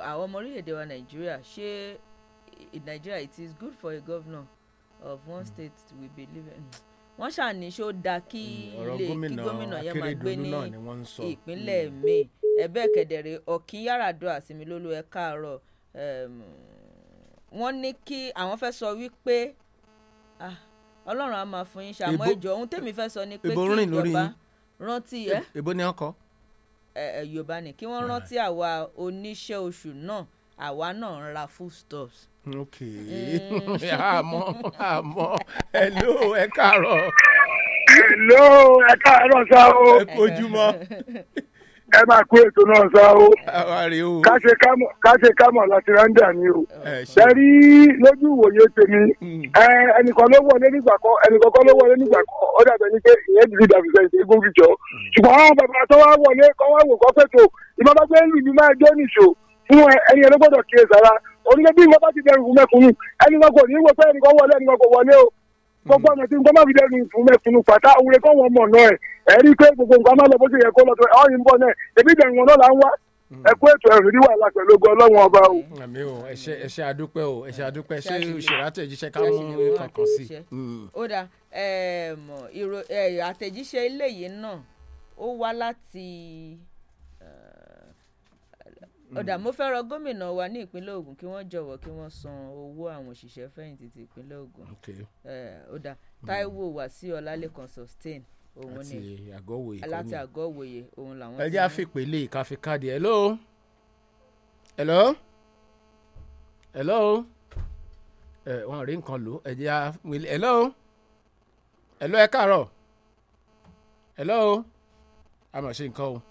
àwọn ọmọ orílẹ̀-èdè wa nàìjíríà ṣé nàìjíríà it is good for a governor of one state we believe in wọ́n ṣàní ṣó da kí hmm, ilé kí gómìnà yẹn máa gbé ní ìpínlẹ̀ mi hmm. ẹ̀bẹ́ kẹ̀dẹ̀rẹ̀ ọ̀kín yàràdọ́ àsìmílólú ẹ̀ káàárọ̀ wọ́n ní kí àwọn fẹ́ sọ wípé ah ọlọ́run á máa fún yín ṣàmọ́ ìjọ ohun tèmi fẹ́ sọ ni pé kí ìjọba rántí ẹ. èbó ni wọn kọ. ẹ ẹ yorùbá ni kí wọ́n rántí àwa oníṣẹ́ oṣù náà àwa náà ń ra foodstuffs. ok mm. [laughs] àmọ́ àmọ́ hello ẹ káàárọ̀. hello ẹ káàárọ̀ sáà o. ẹ kojúmọ́. [laughs] ẹ máa kó ètò náà sá o káṣe kámọ̀ láti rándà ni o ṣẹ́rí lójú ìwòye tèmi hmm. ẹnìkan ló wọlé nígbà kan ẹnìkan kan ló wọlé nígbà kan ó dàbẹ̀ ní pé ìyẹn ti di dàbísẹ̀ ìṣègùn fìjọ àwọn bàbá tó wá wọlé wá wò máa nìṣó fún ẹni ẹni bá gbogbo ọ̀nà tí n má fi dẹnu fún mẹ́funu pàtà òwúrẹ kọ́ wọn náà gbogbo nǹkan má lọ bó ṣe yẹ kó lọ tó ọ́ yìí náà èmi wọn náà là ń wá mm. ogun ọlọ́run ọba o. Mm, àmì o ẹṣẹ ẹṣẹ o ẹṣẹ adúpẹ́ ṣé òṣèré àtẹ̀jíṣẹ́ ká mú kankan sí ó dà ọ̀dà mm. mo fẹ́ rọ gómìnà wa ní ìpínlẹ̀ Ògùn kí wọ́n jọ̀wọ́ kí wọ́n san owó àwọn òṣìṣẹ́ fẹ̀yìntì ti ìpínlẹ̀ Ògùn ọ̀dà Táíwò mm. Wàsíù Ọlálékan sustain òun ni láti àgọ́wòye òun làwọn ti ní. ẹ jẹ́ àfipèlè ìkàfíkàdì e hello hello hello ẹ wọn rí nǹkan lò ẹ jẹ́ àfipèlè hello hello ẹ káàárọ̀ hello a máa ṣe nǹkan o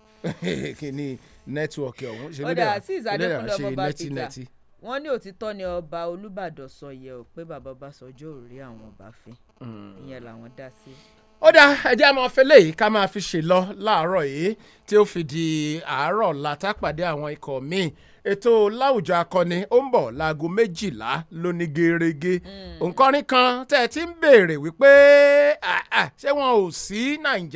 [laughs] kí ni nẹ́tíwọ̀kì ọ̀hún ṣe mílẹ̀ ìlera ṣe nẹ́tí nẹ́tí. wọ́n ní òtítọ́ ni ọba olùbàdàn sọ yẹ ọ pé bàbá ọbaṣọjọ́ ò rí àwọn ọba fẹ́ hmm. ìyẹn làwọn dá sí ó dá ẹjẹ́ àmọ́ fẹ́lẹ́ yìí ká máa fi ṣe lọ láàárọ̀ yìí tí ó fi di àárọ̀ látàpàdé àwọn ikọ̀ míì ètò láwùjọ akọni ó ń bọ̀ láago méjìlá lóní gerege òǹkọrin hmm. kan tẹ́ ti ń béèrè wípé ṣé wọn ò sí nàìjíríà.